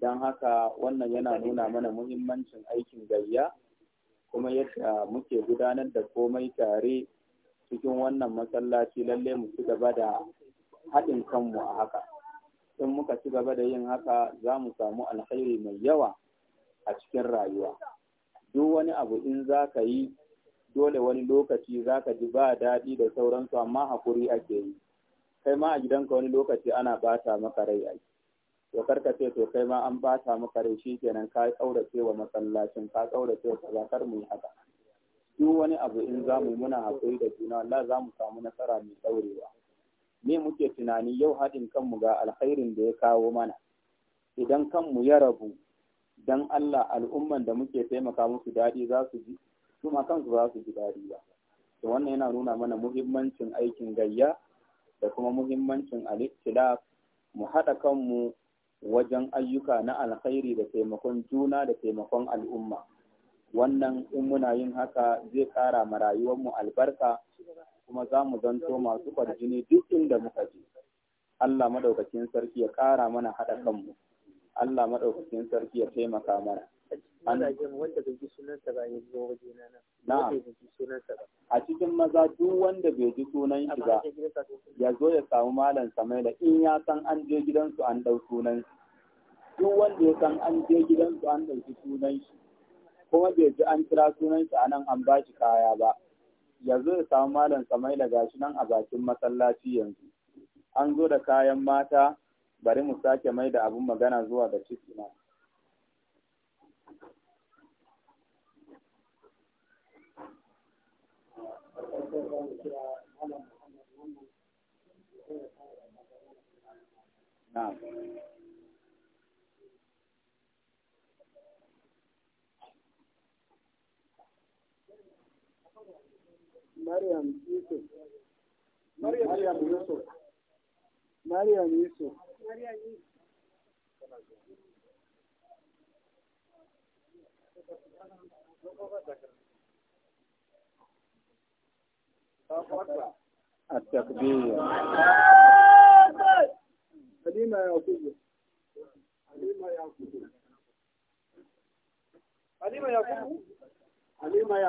don haka wannan yana nuna mana muhimmancin aikin gayya kuma yadda muke gudanar da komai tare cikin wannan masallaci lalle mu ci gaba da haɗin kanmu a haka in muka ci gaba da yin haka za mu samu alkhairi mai yawa a cikin rayuwa duk wani abu in za ka yi dole wani lokaci za ka ji ba daɗi da sauransu amma haƙuri ake yi kai ma a gidanka wani lokaci ana bata maka rai yi. to karka ce to kai ma an bata maka rai kenan ka ƙaurace wa masallacin ka ƙaurace wa kar mu haka duk wani abu in za mu muna haƙuri da juna Allah za mu samu nasara mai ɗaurewa me muke tunani yau haɗin kanmu ga alkhairin da ya kawo mana idan kanmu ya rabu don Allah al'umman da muke taimaka musu daɗi za su ji su ma kansu za su ji daɗi ba to wannan yana nuna mana muhimmancin aikin gayya da kuma muhimmancin al mu haɗa kanmu wajen ayyuka na alkhairi da taimakon juna da taimakon al'umma wannan in muna yin haka zai ƙara ma mu albarka kuma za mu zanto masu kwarjini duk inda muka je Allah madaukakin sarki ya ƙara mana haɗa kanmu Allah madaukakin sarki ya taimaka mana wanda ba a cikin maza duk wanda bai ji sunan shi ba ya zo ya samu malam samaila in ya san an je gidansu an ɗau sunan duk wanda ya san an je gidansu an ɗau sunan shi kuma bai ji an kira sunan shi anan an shi kaya ba Yanzu ya samu malam samaila gashi nan a bakin masallaci yanzu an zo da kayan mata bari mu sake mai da abin magana zuwa da ciki na you. Mariam Yusuf. Mariam, Mariam Yusuf. Mariam Yusuf. Mariam Yusuf. التقدير حليمة يا حليمة يا حليمة يا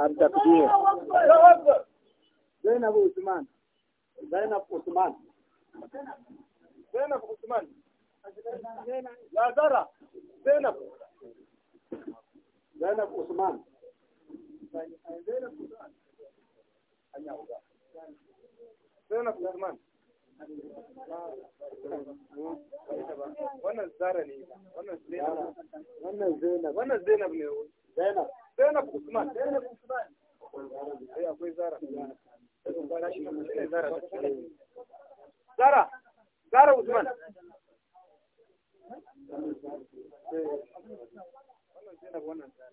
التقدير زينب عثمان زينب عثمان زينب عثمان لا زرع زينب زينب عثمان زينب عثمان زينب عثمان wannan zara ne wannan zainab wannan zainab ne zainab zainab usman zainab usman sai akwai zara zara zara usman wannan zainab wannan zara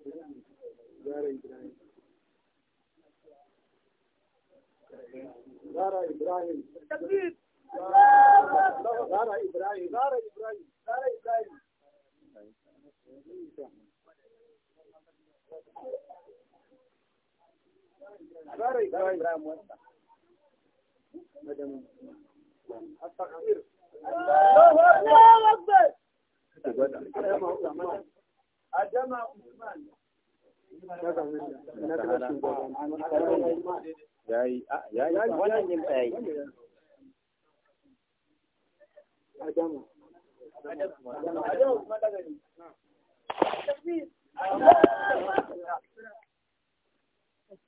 Zara Ibrahim. Zara Ibrahim. Zara Ibrahim. Zara Ibrahim. Zara Ibrahim. Madam. Ibrahim. adama Usman, adama kuma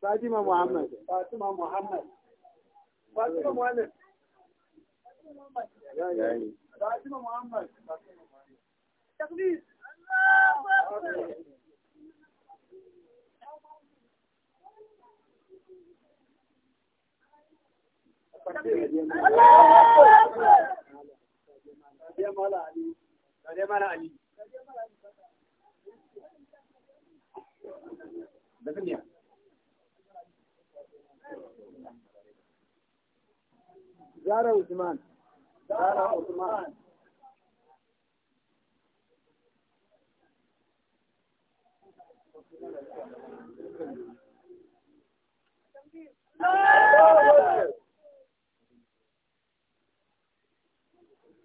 Fatima Muhammad. Fatima Muhammad. Fatima Muhammad. Fatima Muhammad. Zara Usman. Zara Usman.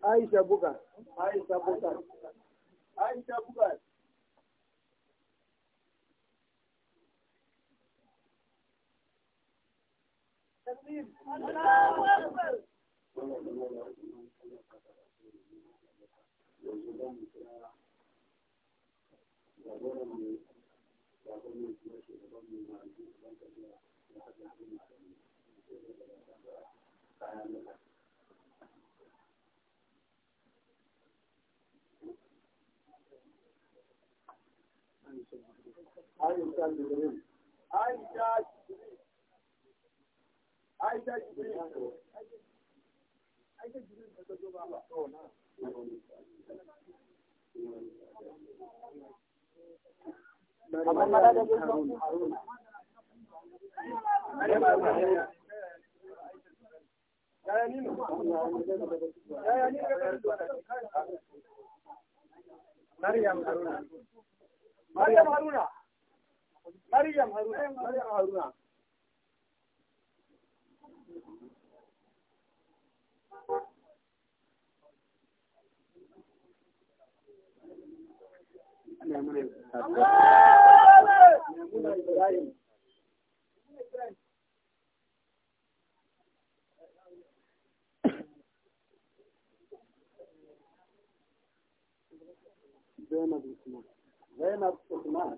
Aisha Buga. Aisha Buga. Aisha Buga. Takbir. aisha aisha jibril aisha jibril aisha Maryam Haruna. Eh, Maryam Haruna. Zainab Usman. Zainab Usman.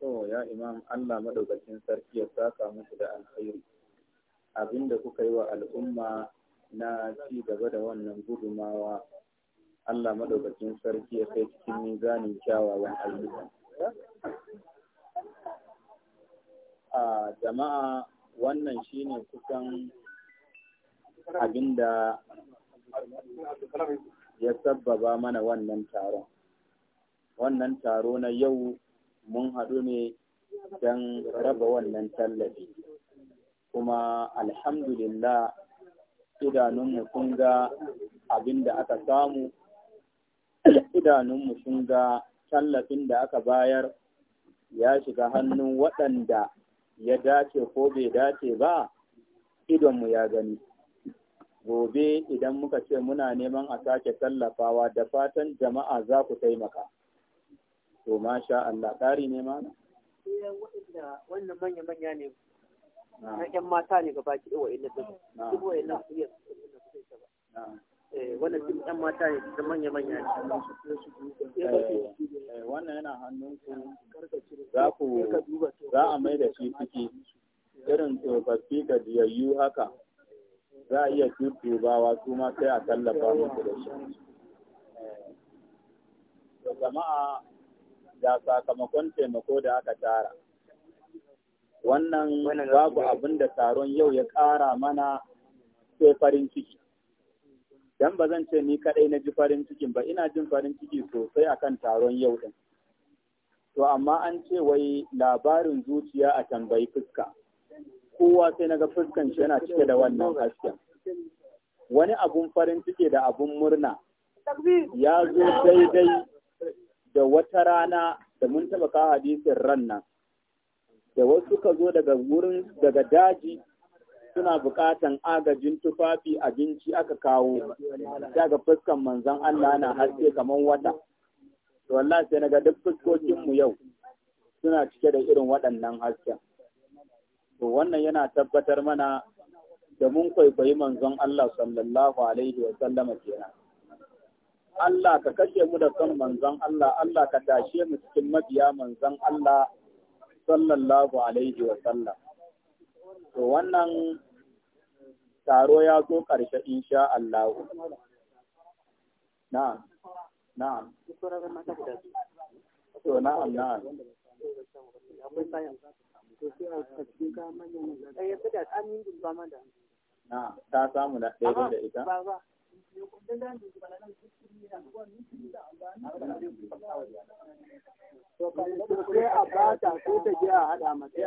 To, ya imam Allah madaukakin sarki ya saka musu da alkhairi. Abinda kuka yi wa al'umma na ci gaba da wannan gudumawa, Allah madaukakin sarki ya kai cikin mizanin kyawawan ayyuka. A jama'a wannan shine kusan abinda ya sabbaba mana wannan taron. Wannan taro na yau mun haɗu ne don raba wannan tallafi kuma alhamdulillah idanunmu sun ga abin da aka samu idanunmu sun ga tallafin da aka bayar ya shiga hannun waɗanda ya dace ko bai dace ba idonmu ya gani gobe idan muka ce muna neman a sake tallafawa da fatan jama'a za ku taimaka to masha Allah ƙari ne ma na? wannan manya-manya ne na ƴan mata ne ga baki ɗawa ina ɗin duk wa ina su yi eh, wannan duk ƴan mata ne da manya-manya ne eh, eh, wannan yana hannunku za ku za a mai da shi ciki irin tsofaffi ga gajiyayyu haka za a iya tuttubawa su ma sai a tallafa musu da shi jama'a da sakamakon taimako da aka tara. Wannan babu abin da taron yau ya ƙara mana sai farin ciki. Dan ba zan ce ni kaɗai na ji farin cikin ba, ina jin farin ciki sosai akan taron yau ɗin. To, amma an ce wai labarin zuciya a tambayi fuska. Kowa sai na ga fuskan shi yana cike da wannan hasken. Wani abun farin ciki da abun murna ya zo daidai da wata rana da mun taba ka hadisin ran nan da wasu ka zo daga wurin daga daji suna bukatan agajin tufafi abinci aka kawo daga fuskan manzon Allah na haske kamar wata to wallahi sai naga duk fuskokin mu yau suna cike da irin waɗannan hasken to wannan yana tabbatar mana da mun kwaikwayi manzon Allah sallallahu alaihi wa sallama kenan Allah ka kashe mu da son manzon Allah, Allah ka tashe mu cikin mabiya manzon Allah sallallahu Alaihi wasallam. To wannan taro ya zo ƙarshe insha Allah. Na, To na'am, na'am. Ta samu na ɗaya da ita? To kan sai a bata sai ta je a haɗa mata.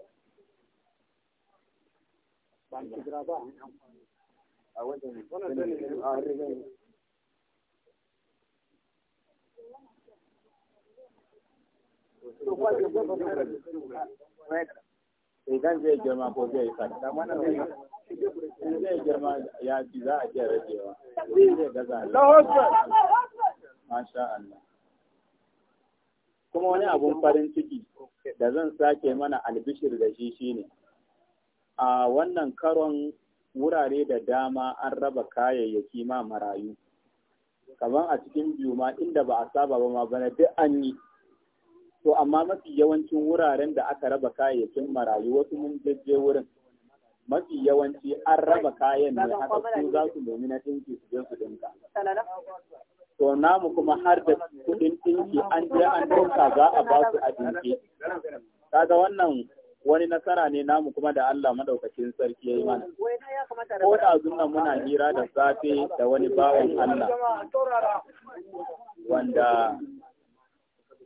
idan zai girma ko zai fata zai girma ya za a iya rajewa masha Allah kuma wani abun farin ciki da zan sake mana albishir da shi shine a wannan karon wurare da dama an raba kayayyaki ma marayu kamar a cikin biyu ma inda ba a saba ba ma bana duk an yi to amma mafi yawancin wuraren da aka raba kayayyakin marayu wasu mun jejje wurin mafi yawanci an raba kayan ne haka su za su nemi na dinki su je su dinka to namu kuma har da kudin dinki an je an dinka za a ba su a dinki kaga wannan wani nasara ne namu kuma da Allah madaukakin sarki ya yi mana. Mm, Ko da zunna muna hira da safe da wani bawan Allah wanda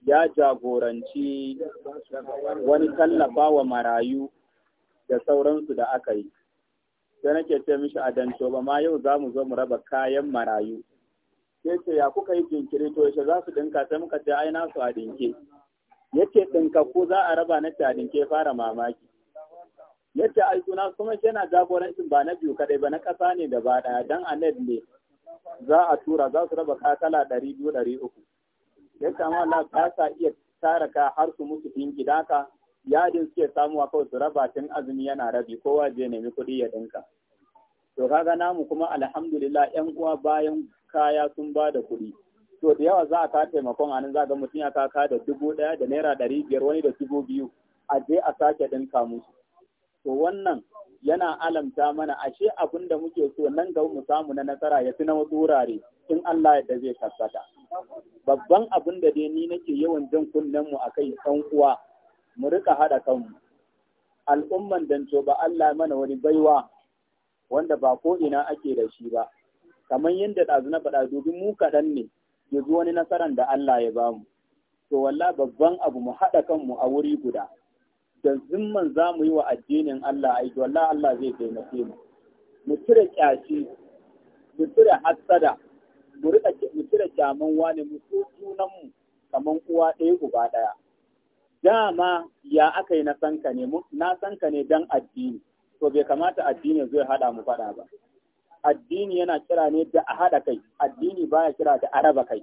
ya jagoranci wani tallafa wa marayu da sauransu da aka yi. Sai nake ce mishi a danco ba ma yau za mu zo mu raba kayan marayu. Sai ce ya kuka yi jinkiri to yaushe za su dinka sai muka ce ai nasu a dinke. yace ɗinkakku za a raba na ke fara mamaki yace ai suna kuma yana jagorancin ba na biyu kaɗai ba na kasa ne gaba ɗaya dan anad ne za a tura za su raba kakala ɗari biyu ɗari uku yace amma Allah ba sa iya tara ka har su mutu gida ka, yadin suke samuwa kawai su raba tun azumi yana rabi kowa je nemi kuɗi ya dinka to kaga namu kuma alhamdulillah yan uwa bayan kaya sun ba da kuɗi To da yawa za a ka taimakon anan za ga mutum ya kaka da dubu ɗaya da naira ɗari biyar wani da dubu biyu a je a sake ɗinka musu to wannan yana alamta mana ashe abin da muke so nan ga mu samu na nasara ya fi na wasu wurare in Allah da zai kasata babban abin da dai ni nake yawan jan kunnen mu akai ɗan uwa mu rika haɗa kanmu al'umman danto ba Allah mana wani baiwa wanda ba ko ina ake da shi ba kamar yadda ɗazu na faɗa dubi mu kaɗan ne ya ji wani nasaran da Allah ya bamu. To walla babban abu mu haɗa kanmu a wuri guda, da zimman za mu yi wa addinin Allah aiki, walla Allah zai taimake mu. Mu cire ƙyashi, mu cire hassada, mu cire kyaman wani mu so junanmu kamar uwa ɗaya uba ɗaya. Dama ya aka yi na sanka ne, na sanka ne don addini, to bai kamata addini zai haɗa mu faɗa ba. addini yana kira ne da a haɗa kai addini baya kira da a raba kai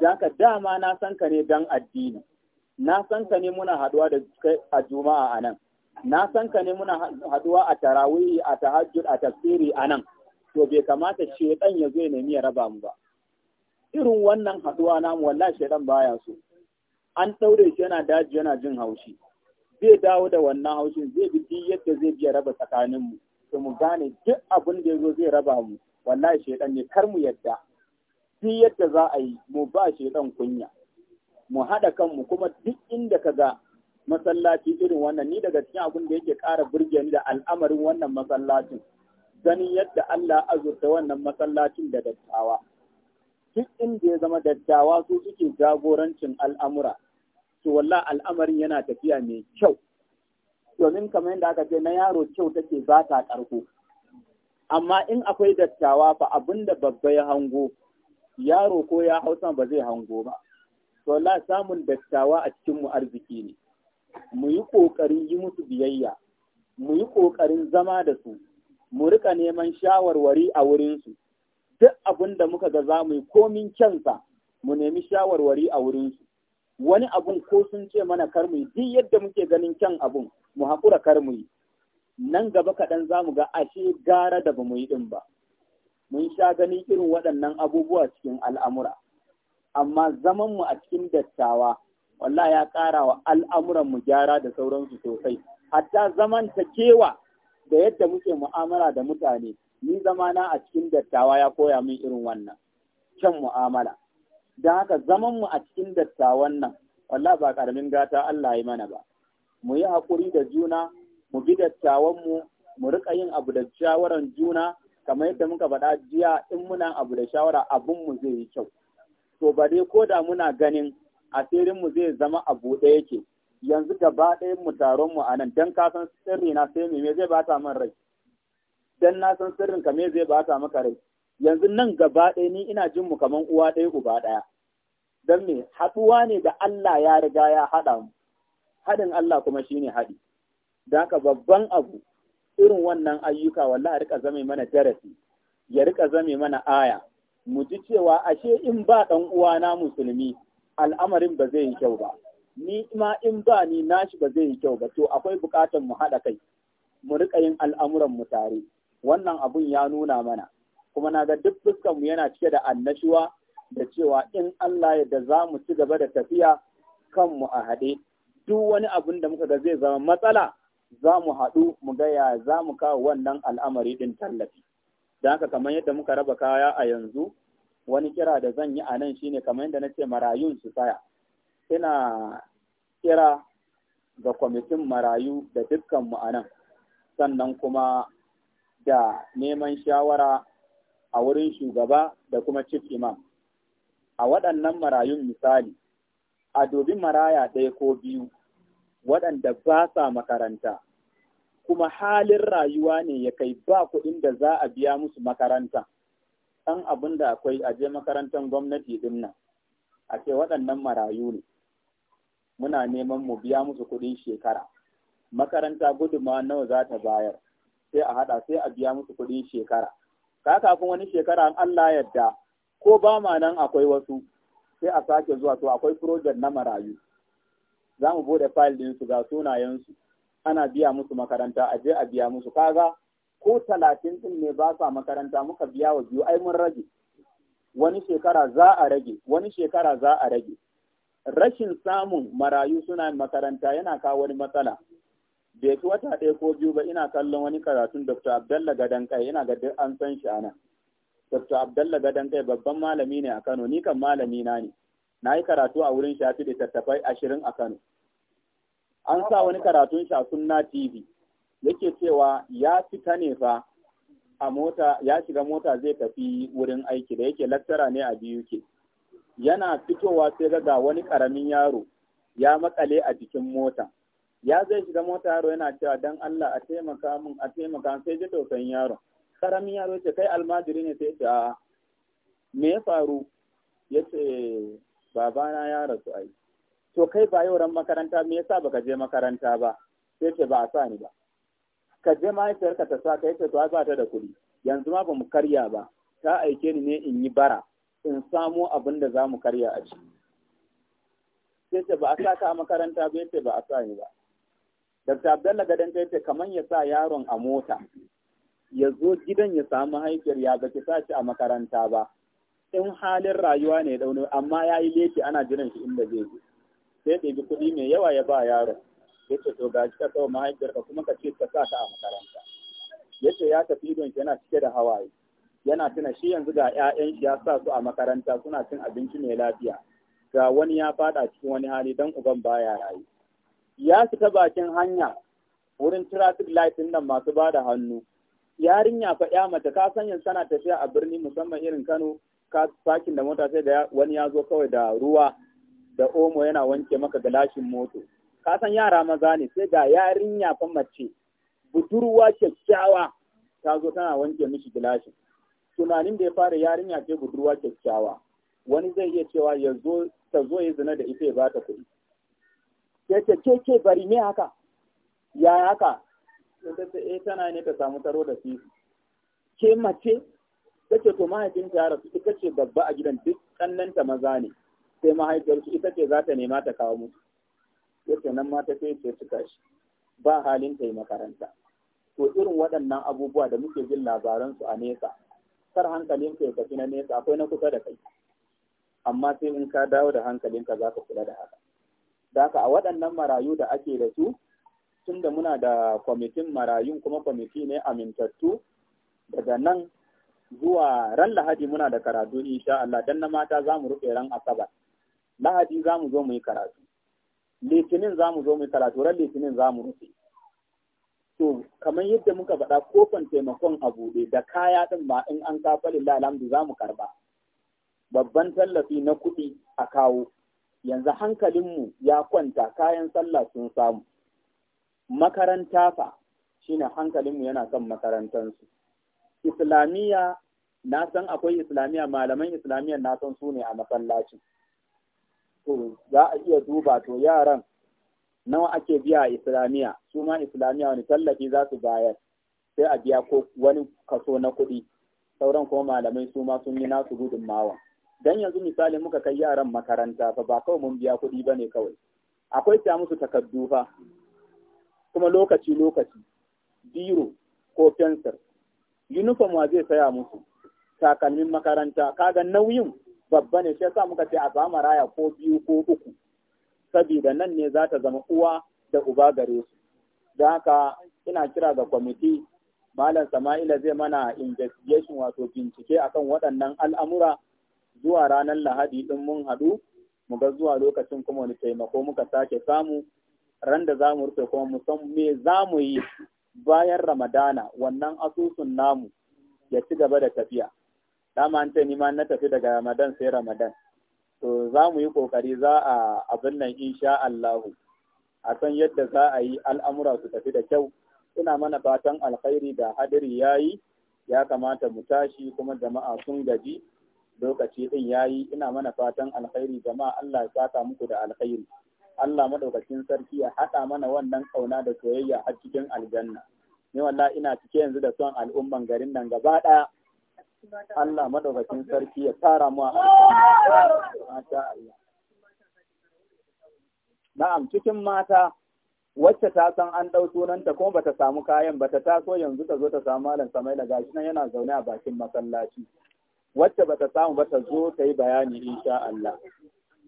da ka dama na san ka ne don addini na san ka ne muna haɗuwa da kai a juma'a a nan na san ka ne muna haɗuwa a tarawihi a tahajjud a tafsiri a nan to bai kamata shedan ya zo ya nemi ya raba mu ba irin wannan haɗuwa namu wallahi shedan baya so an ɗaure shi yana daji yana jin haushi zai dawo da wannan haushin zai bi yadda zai biya raba tsakaninmu da mu gane duk abin da zo zai raba mu wallahi shedan ne kar mu yadda duk yadda za a yi mu ba shedan kunya mu haɗa kanmu kuma duk inda ka ga masallaci irin wannan ni daga cikin abin da yake ƙara burge ni da al'amarin wannan masallacin ganin yadda Allah azurta wannan masallacin da dattawa duk inda ya zama dattawa su suke jagorancin al'amura to wallahi al'amarin yana tafiya mai kyau domin kamar yadda aka ce na yaro kyau take ba ta ƙarko amma in akwai dattawa fa abinda babba ya hango yaro ko ya hausa ba zai hango ba to la samun dattawa a cikin mu arziki ne mu yi ƙoƙarin yi musu biyayya mu yi ƙoƙarin zama da su mu rika neman shawarwari a wurinsu duk abin da muka ga za mu yi komin kyansa mu nemi shawarwari a wurinsu wani abun ko sun ce mana kar mu yi duk yadda muke ganin kyan abun mu haƙura kar mu yi nan gaba kaɗan za mu ga ashe gara da ba mu yi ɗin ba mun sha gani irin waɗannan abubuwa cikin al'amura amma zaman mu a cikin dattawa walla ya ƙara wa al'amuran mu gyara da sauransu sosai hatta zaman ta kewa da yadda muke mu'amala da mutane ni zamana a cikin dattawa ya koya min irin wannan kyan mu'amala don haka zaman mu a cikin dattawan nan walla ba ƙaramin gata Allah ya mana ba mu yi hakuri da juna mu bi dattawanmu mu mu riƙa yin abu da shawaran juna kamar yadda muka faɗa jiya in muna abu da shawara abin mu zai yi kyau to ba dai ko da muna ganin asirin mu zai zama abu ɗaya yake yanzu gaba ɗayan mu taron mu anan dan ka san sirri na sai me zai bata min rai dan na san sirrin ka me zai bata maka rai yanzu nan gaba ɗaya ni ina jin mu kamar uwa ɗaya uba ɗaya dan me haɗuwa ne da Allah ya riga ya haɗa mu haɗin Allah kuma shi ne haɗi da haka babban abu irin wannan ayyuka a rika zame mana darasi ya rika zame mana aya mu ji cewa ashe in ba ɗan uwana musulmi al'amarin ba zai yi kyau ba ni ma in ba ni nashi ba zai yi kyau ba to akwai buƙatar mu haɗa kai mu rika yin al'amuran mu tare wannan abun ya nuna mana kuma na ga duk fuskanmu yana cike da annashuwa da cewa in Allah yadda za mu ci gaba da tafiya kanmu a haɗe duk wani abin da muka ga zai zama matsala za mu haɗu mu gaya za mu kawo wannan al'amari ɗin tallafi. Da haka kamar yadda muka raba kaya a yanzu, wani kira da zan yi a nan shine kamar yadda na ce marayun su tsaya. Ina kira ga kwamitin marayu da dukkan mu a nan, sannan kuma da neman shawara a wurin shugaba da kuma cif imam. A waɗannan marayun misali, a dobi maraya ɗaya ko biyu waɗanda ba sa makaranta, kuma halin rayuwa ne ya kai ba kuɗin da za a biya musu makaranta, ɗan abin da akwai a je makarantar gwamnati ɗin nan, a ce waɗannan marayu ne, muna neman mu biya musu kuɗin shekara, makaranta guduma nawa za ta bayar, sai a haɗa sai a biya musu kuɗin shekara. Ka kafin wani shekara Allah yadda ko ba ma nan akwai wasu sai a sake zuwa to akwai project na marayu. za mu bude fayil ɗinsu ga sunayensu ana biya musu makaranta a je a biya musu kaga ko talatin ɗin ne ba sa makaranta muka biya wa biyu ai mun rage wani shekara za a rage wani shekara za a rage rashin samun marayu suna makaranta yana kawo wani matsala bai fi wata ɗaya ko biyu ba ina kallon wani karatun dr abdalla gadon kai yana ga an san shi ana dr abdalla gadon kai babban malami ne a kano ni kan malami na ne na yi karatu a wurin shafi da tattafai ashirin a Kano. An sa wani karatun shi a Sunna TV, yake cewa ya fita ne fa a mota, ya shiga mota zai tafi wurin aiki da yake laktara ne a biyu ke. Yana fitowa sai ga wani karamin yaro ya makale a jikin mota. Ya zai shiga mota yaro yana cewa "Dan Allah a taimaka min a taimaka sai ji dokan yaro." Karamin yaro ce kai almajiri ne sai ce a me ya faru ya ce babana ya rasu ai to kai ba yau ran makaranta me yasa baka je makaranta ba sai ce ba a sa ni ba ka je mahaifiyarka ta sa ka yace to ai ba ta da kuɗi yanzu ma ba mu karya ba ta aike ni ne in yi bara in samo abin da za mu karya a ciki sai ce ba a sa ka a makaranta ba yace ba a sa ni ba Dr. Abdalla Gadan ta yace kaman ya sa yaron a mota ya zo gidan ya samu mahaifiyar ya baki sa shi a makaranta ba in halin rayuwa ne daune amma ya yi leke ana jiran shi inda zai je sai ɗebi kuɗi mai yawa ya ba yaro ya ce to ga shi ka mahaifiyarka kuma ka ce ka sa ta a makaranta ya ce ya tafi idon yana cike da hawaye yana tuna shi yanzu ga 'ya'yan shi ya sa su a makaranta suna cin abinci mai lafiya ga wani ya faɗa cikin wani hali dan uban baya rayu ya fita bakin hanya wurin traffic light nan masu ba da hannu yarinya fa ya mata ka san yanzu tana tafiya a birni musamman irin Kano fakin da mota sai da wani ya zo kawai da ruwa da omo yana wanke maka galashin moto ka san yara maza ne sai ga yarinya fa mace budurwa kyakkyawa ta zo tana wanke mishi gilashin tunanin da ya fara yarinya ce budurwa kyakkyawa wani zai iya cewa ya zo ta zo ya zina da ita ya bata kuɗi ya ce ke ke bari me haka ya haka sai ta ce eh tana ne ta samu taro da fifi ke mace ta ce to mahaifinta ya rasu ita ce babba a gidan duk kannanta maza ne sai mahaifiyarsu ita ce za ta nema ta kawo musu yace nan mata sai ce suka ba halin ta yi makaranta to irin waɗannan abubuwa da muke jin labaransu a nesa kar hankalin ka ya tafi na nesa akwai na kusa da kai amma sai in ka dawo da hankalinka za ka kula da haka da haka a waɗannan marayu da ake da su tun da muna da kwamitin marayun kuma kwamiti ne amintattu daga nan zuwa ran lahadi muna da karatu insha Allah dan na mata za mu rufe ran asabar lahadi za mu zo mu yi karatu litinin za mu zo mu yi karatu ran litinin za mu rufe to kamar yadda muka faɗa kofan taimakon a buɗe da kaya ɗin ba in an kafa lillahi alhamdu za mu karba babban tallafi na kuɗi a kawo yanzu hankalinmu ya kwanta kayan sallah sun samu makaranta fa shine hankalinmu yana kan makarantansu islamiyya na san akwai islamiyya malaman islamiyya na san su ne a masallaci. to za a iya duba to yaran nawa ake biya a islamiyya su ma islamiyya wani tallafi za su bayar sai a biya ko wani kaso na kuɗi sauran kuma malamai su ma sun yi nasu gudun mawa dan yanzu misali muka kai yaran makaranta fa ba kawai mun biya kuɗi ba ne kawai akwai ta musu takardu fa kuma lokaci lokaci biro ko fensir uniform wa zai saya musu takalmin makaranta kaga nauyin babba ne shi sa muka ce a samu raya ko biyu ko uku saboda nan ne za ta zama uwa da uba gare su don haka ina kira ga kwamiti malam sama'ila zai mana investigation wato bincike akan waɗannan al'amura zuwa ranar lahadi ɗin mun haɗu mu ga zuwa lokacin kuma wani taimako muka sake samu ran da za mu rufe kuma mu san me za mu yi bayan Ramadana wannan asusun namu ya ci gaba da tafiya. Dama an ce ma na tafi daga Ramadan sai Ramadan. To za mu yi kokari za a abin nan sha Allahu. A san yadda za a yi al'amura su tafi da kyau. Ina mana fatan alkhairi da hadiri ya yi, ya kamata mu tashi kuma jama'a sun gaji lokaci ɗin ya yi, ina mana fatan alkhairi jama'a Allah ya saka muku da alkhairi. Allah madaukakin sarki ya haɗa mana wannan kauna da soyayya har cikin aljanna ni wallahi ina cike yanzu da son al'umman garin nan gaba ɗaya Allah madaukakin sarki ya tara mu a masha Allah na'am cikin mata wacce ta san an ɗau sunanta kuma bata samu kayan bata taso yanzu ta zo ta samu malam Samaila gashi nan yana zaune a bakin masallaci wacce bata samu ba ta zo ta yi bayani insha Allah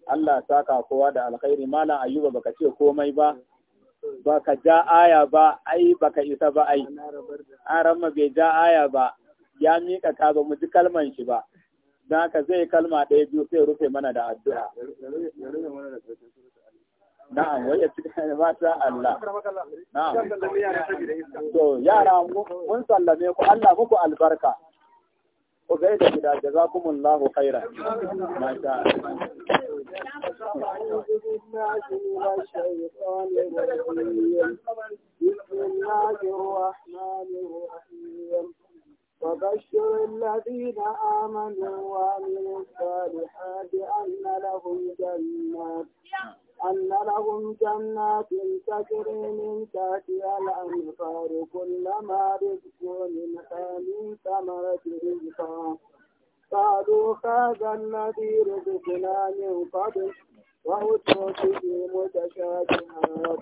Allah saka kowa da alkhairi malam ayuba baka ce komai ba baka ja aya ba ai baka isa ba ai aramma bai ja aya ba ya mika ka ba mu ji kalman shi ba dan haka zai kalma ɗaya biyu sai rufe mana da addu'a na'am wai ya cikin ba sa Allah na'am to yara mun sallame ku Allah muku albarka ku gaida gida jazakumullahu khairan masha Allah أعوذ بالله من الشيطان الرجيم بسم الله الرحمن الرحيم وبشر الذين آمنوا وعملوا الصالحات أن لهم جنات أن لهم جنات تجري من تحتها كلما رزقوا منها ثمرة رزقا قالوا هذا الذي رزقنا من قبل وأتوا به متشابها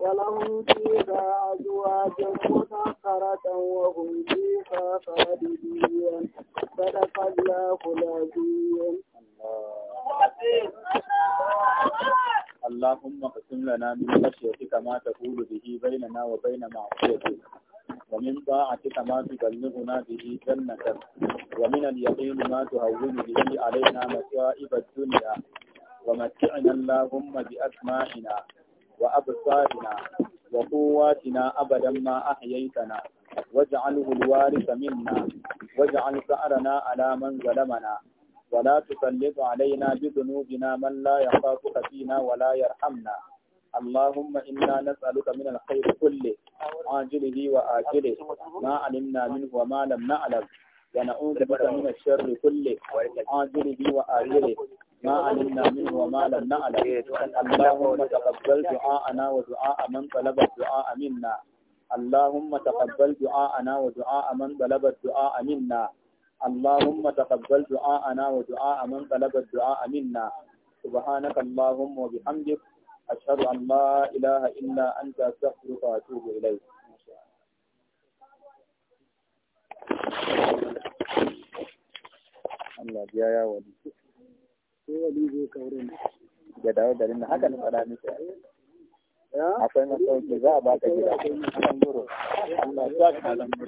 ولهم فيها أزواج مسخرة وهم فيها خالدين صدق الله العظيم اللهم اقسم لنا من خشيتك ما تقول به بيننا وبين معصيتك ومن طاعتك ما تبلغنا به جنتك ومن اليقين ما تهون به علينا مصائب الدنيا ومتعنا اللهم بأسماعنا وأبصارنا وقواتنا أبدا ما أحييتنا واجعله الوارث منا واجعل ثأرنا على من ظلمنا ولا تسلط علينا بذنوبنا من لا يخافك فينا ولا يرحمنا اللهم إنا نسألك من الخير كله عاجله وآجله ما علمنا منه وما لم نعلم ونعوذ بك من الشر كله عاجله وآجله ما علمنا منه وما لم نعلم اللهم تقبل دعاءنا ودعاء من طلب الدعاء منا اللهم تقبل دعاءنا ودعاء من طلب الدعاء منا اللهم تقبل دعاءنا ودعاء من طلب الدعاء منا سبحانك اللهم وبحمدك أشهد أن لا إله إلا أنت أستغفرك وأتوب إليك Allah biya ya wani. Sai wani zai kaure ne. Ya dawo da rinna haka na faɗa miki. Akwai masauki za a baka gida. Allah ya sa ka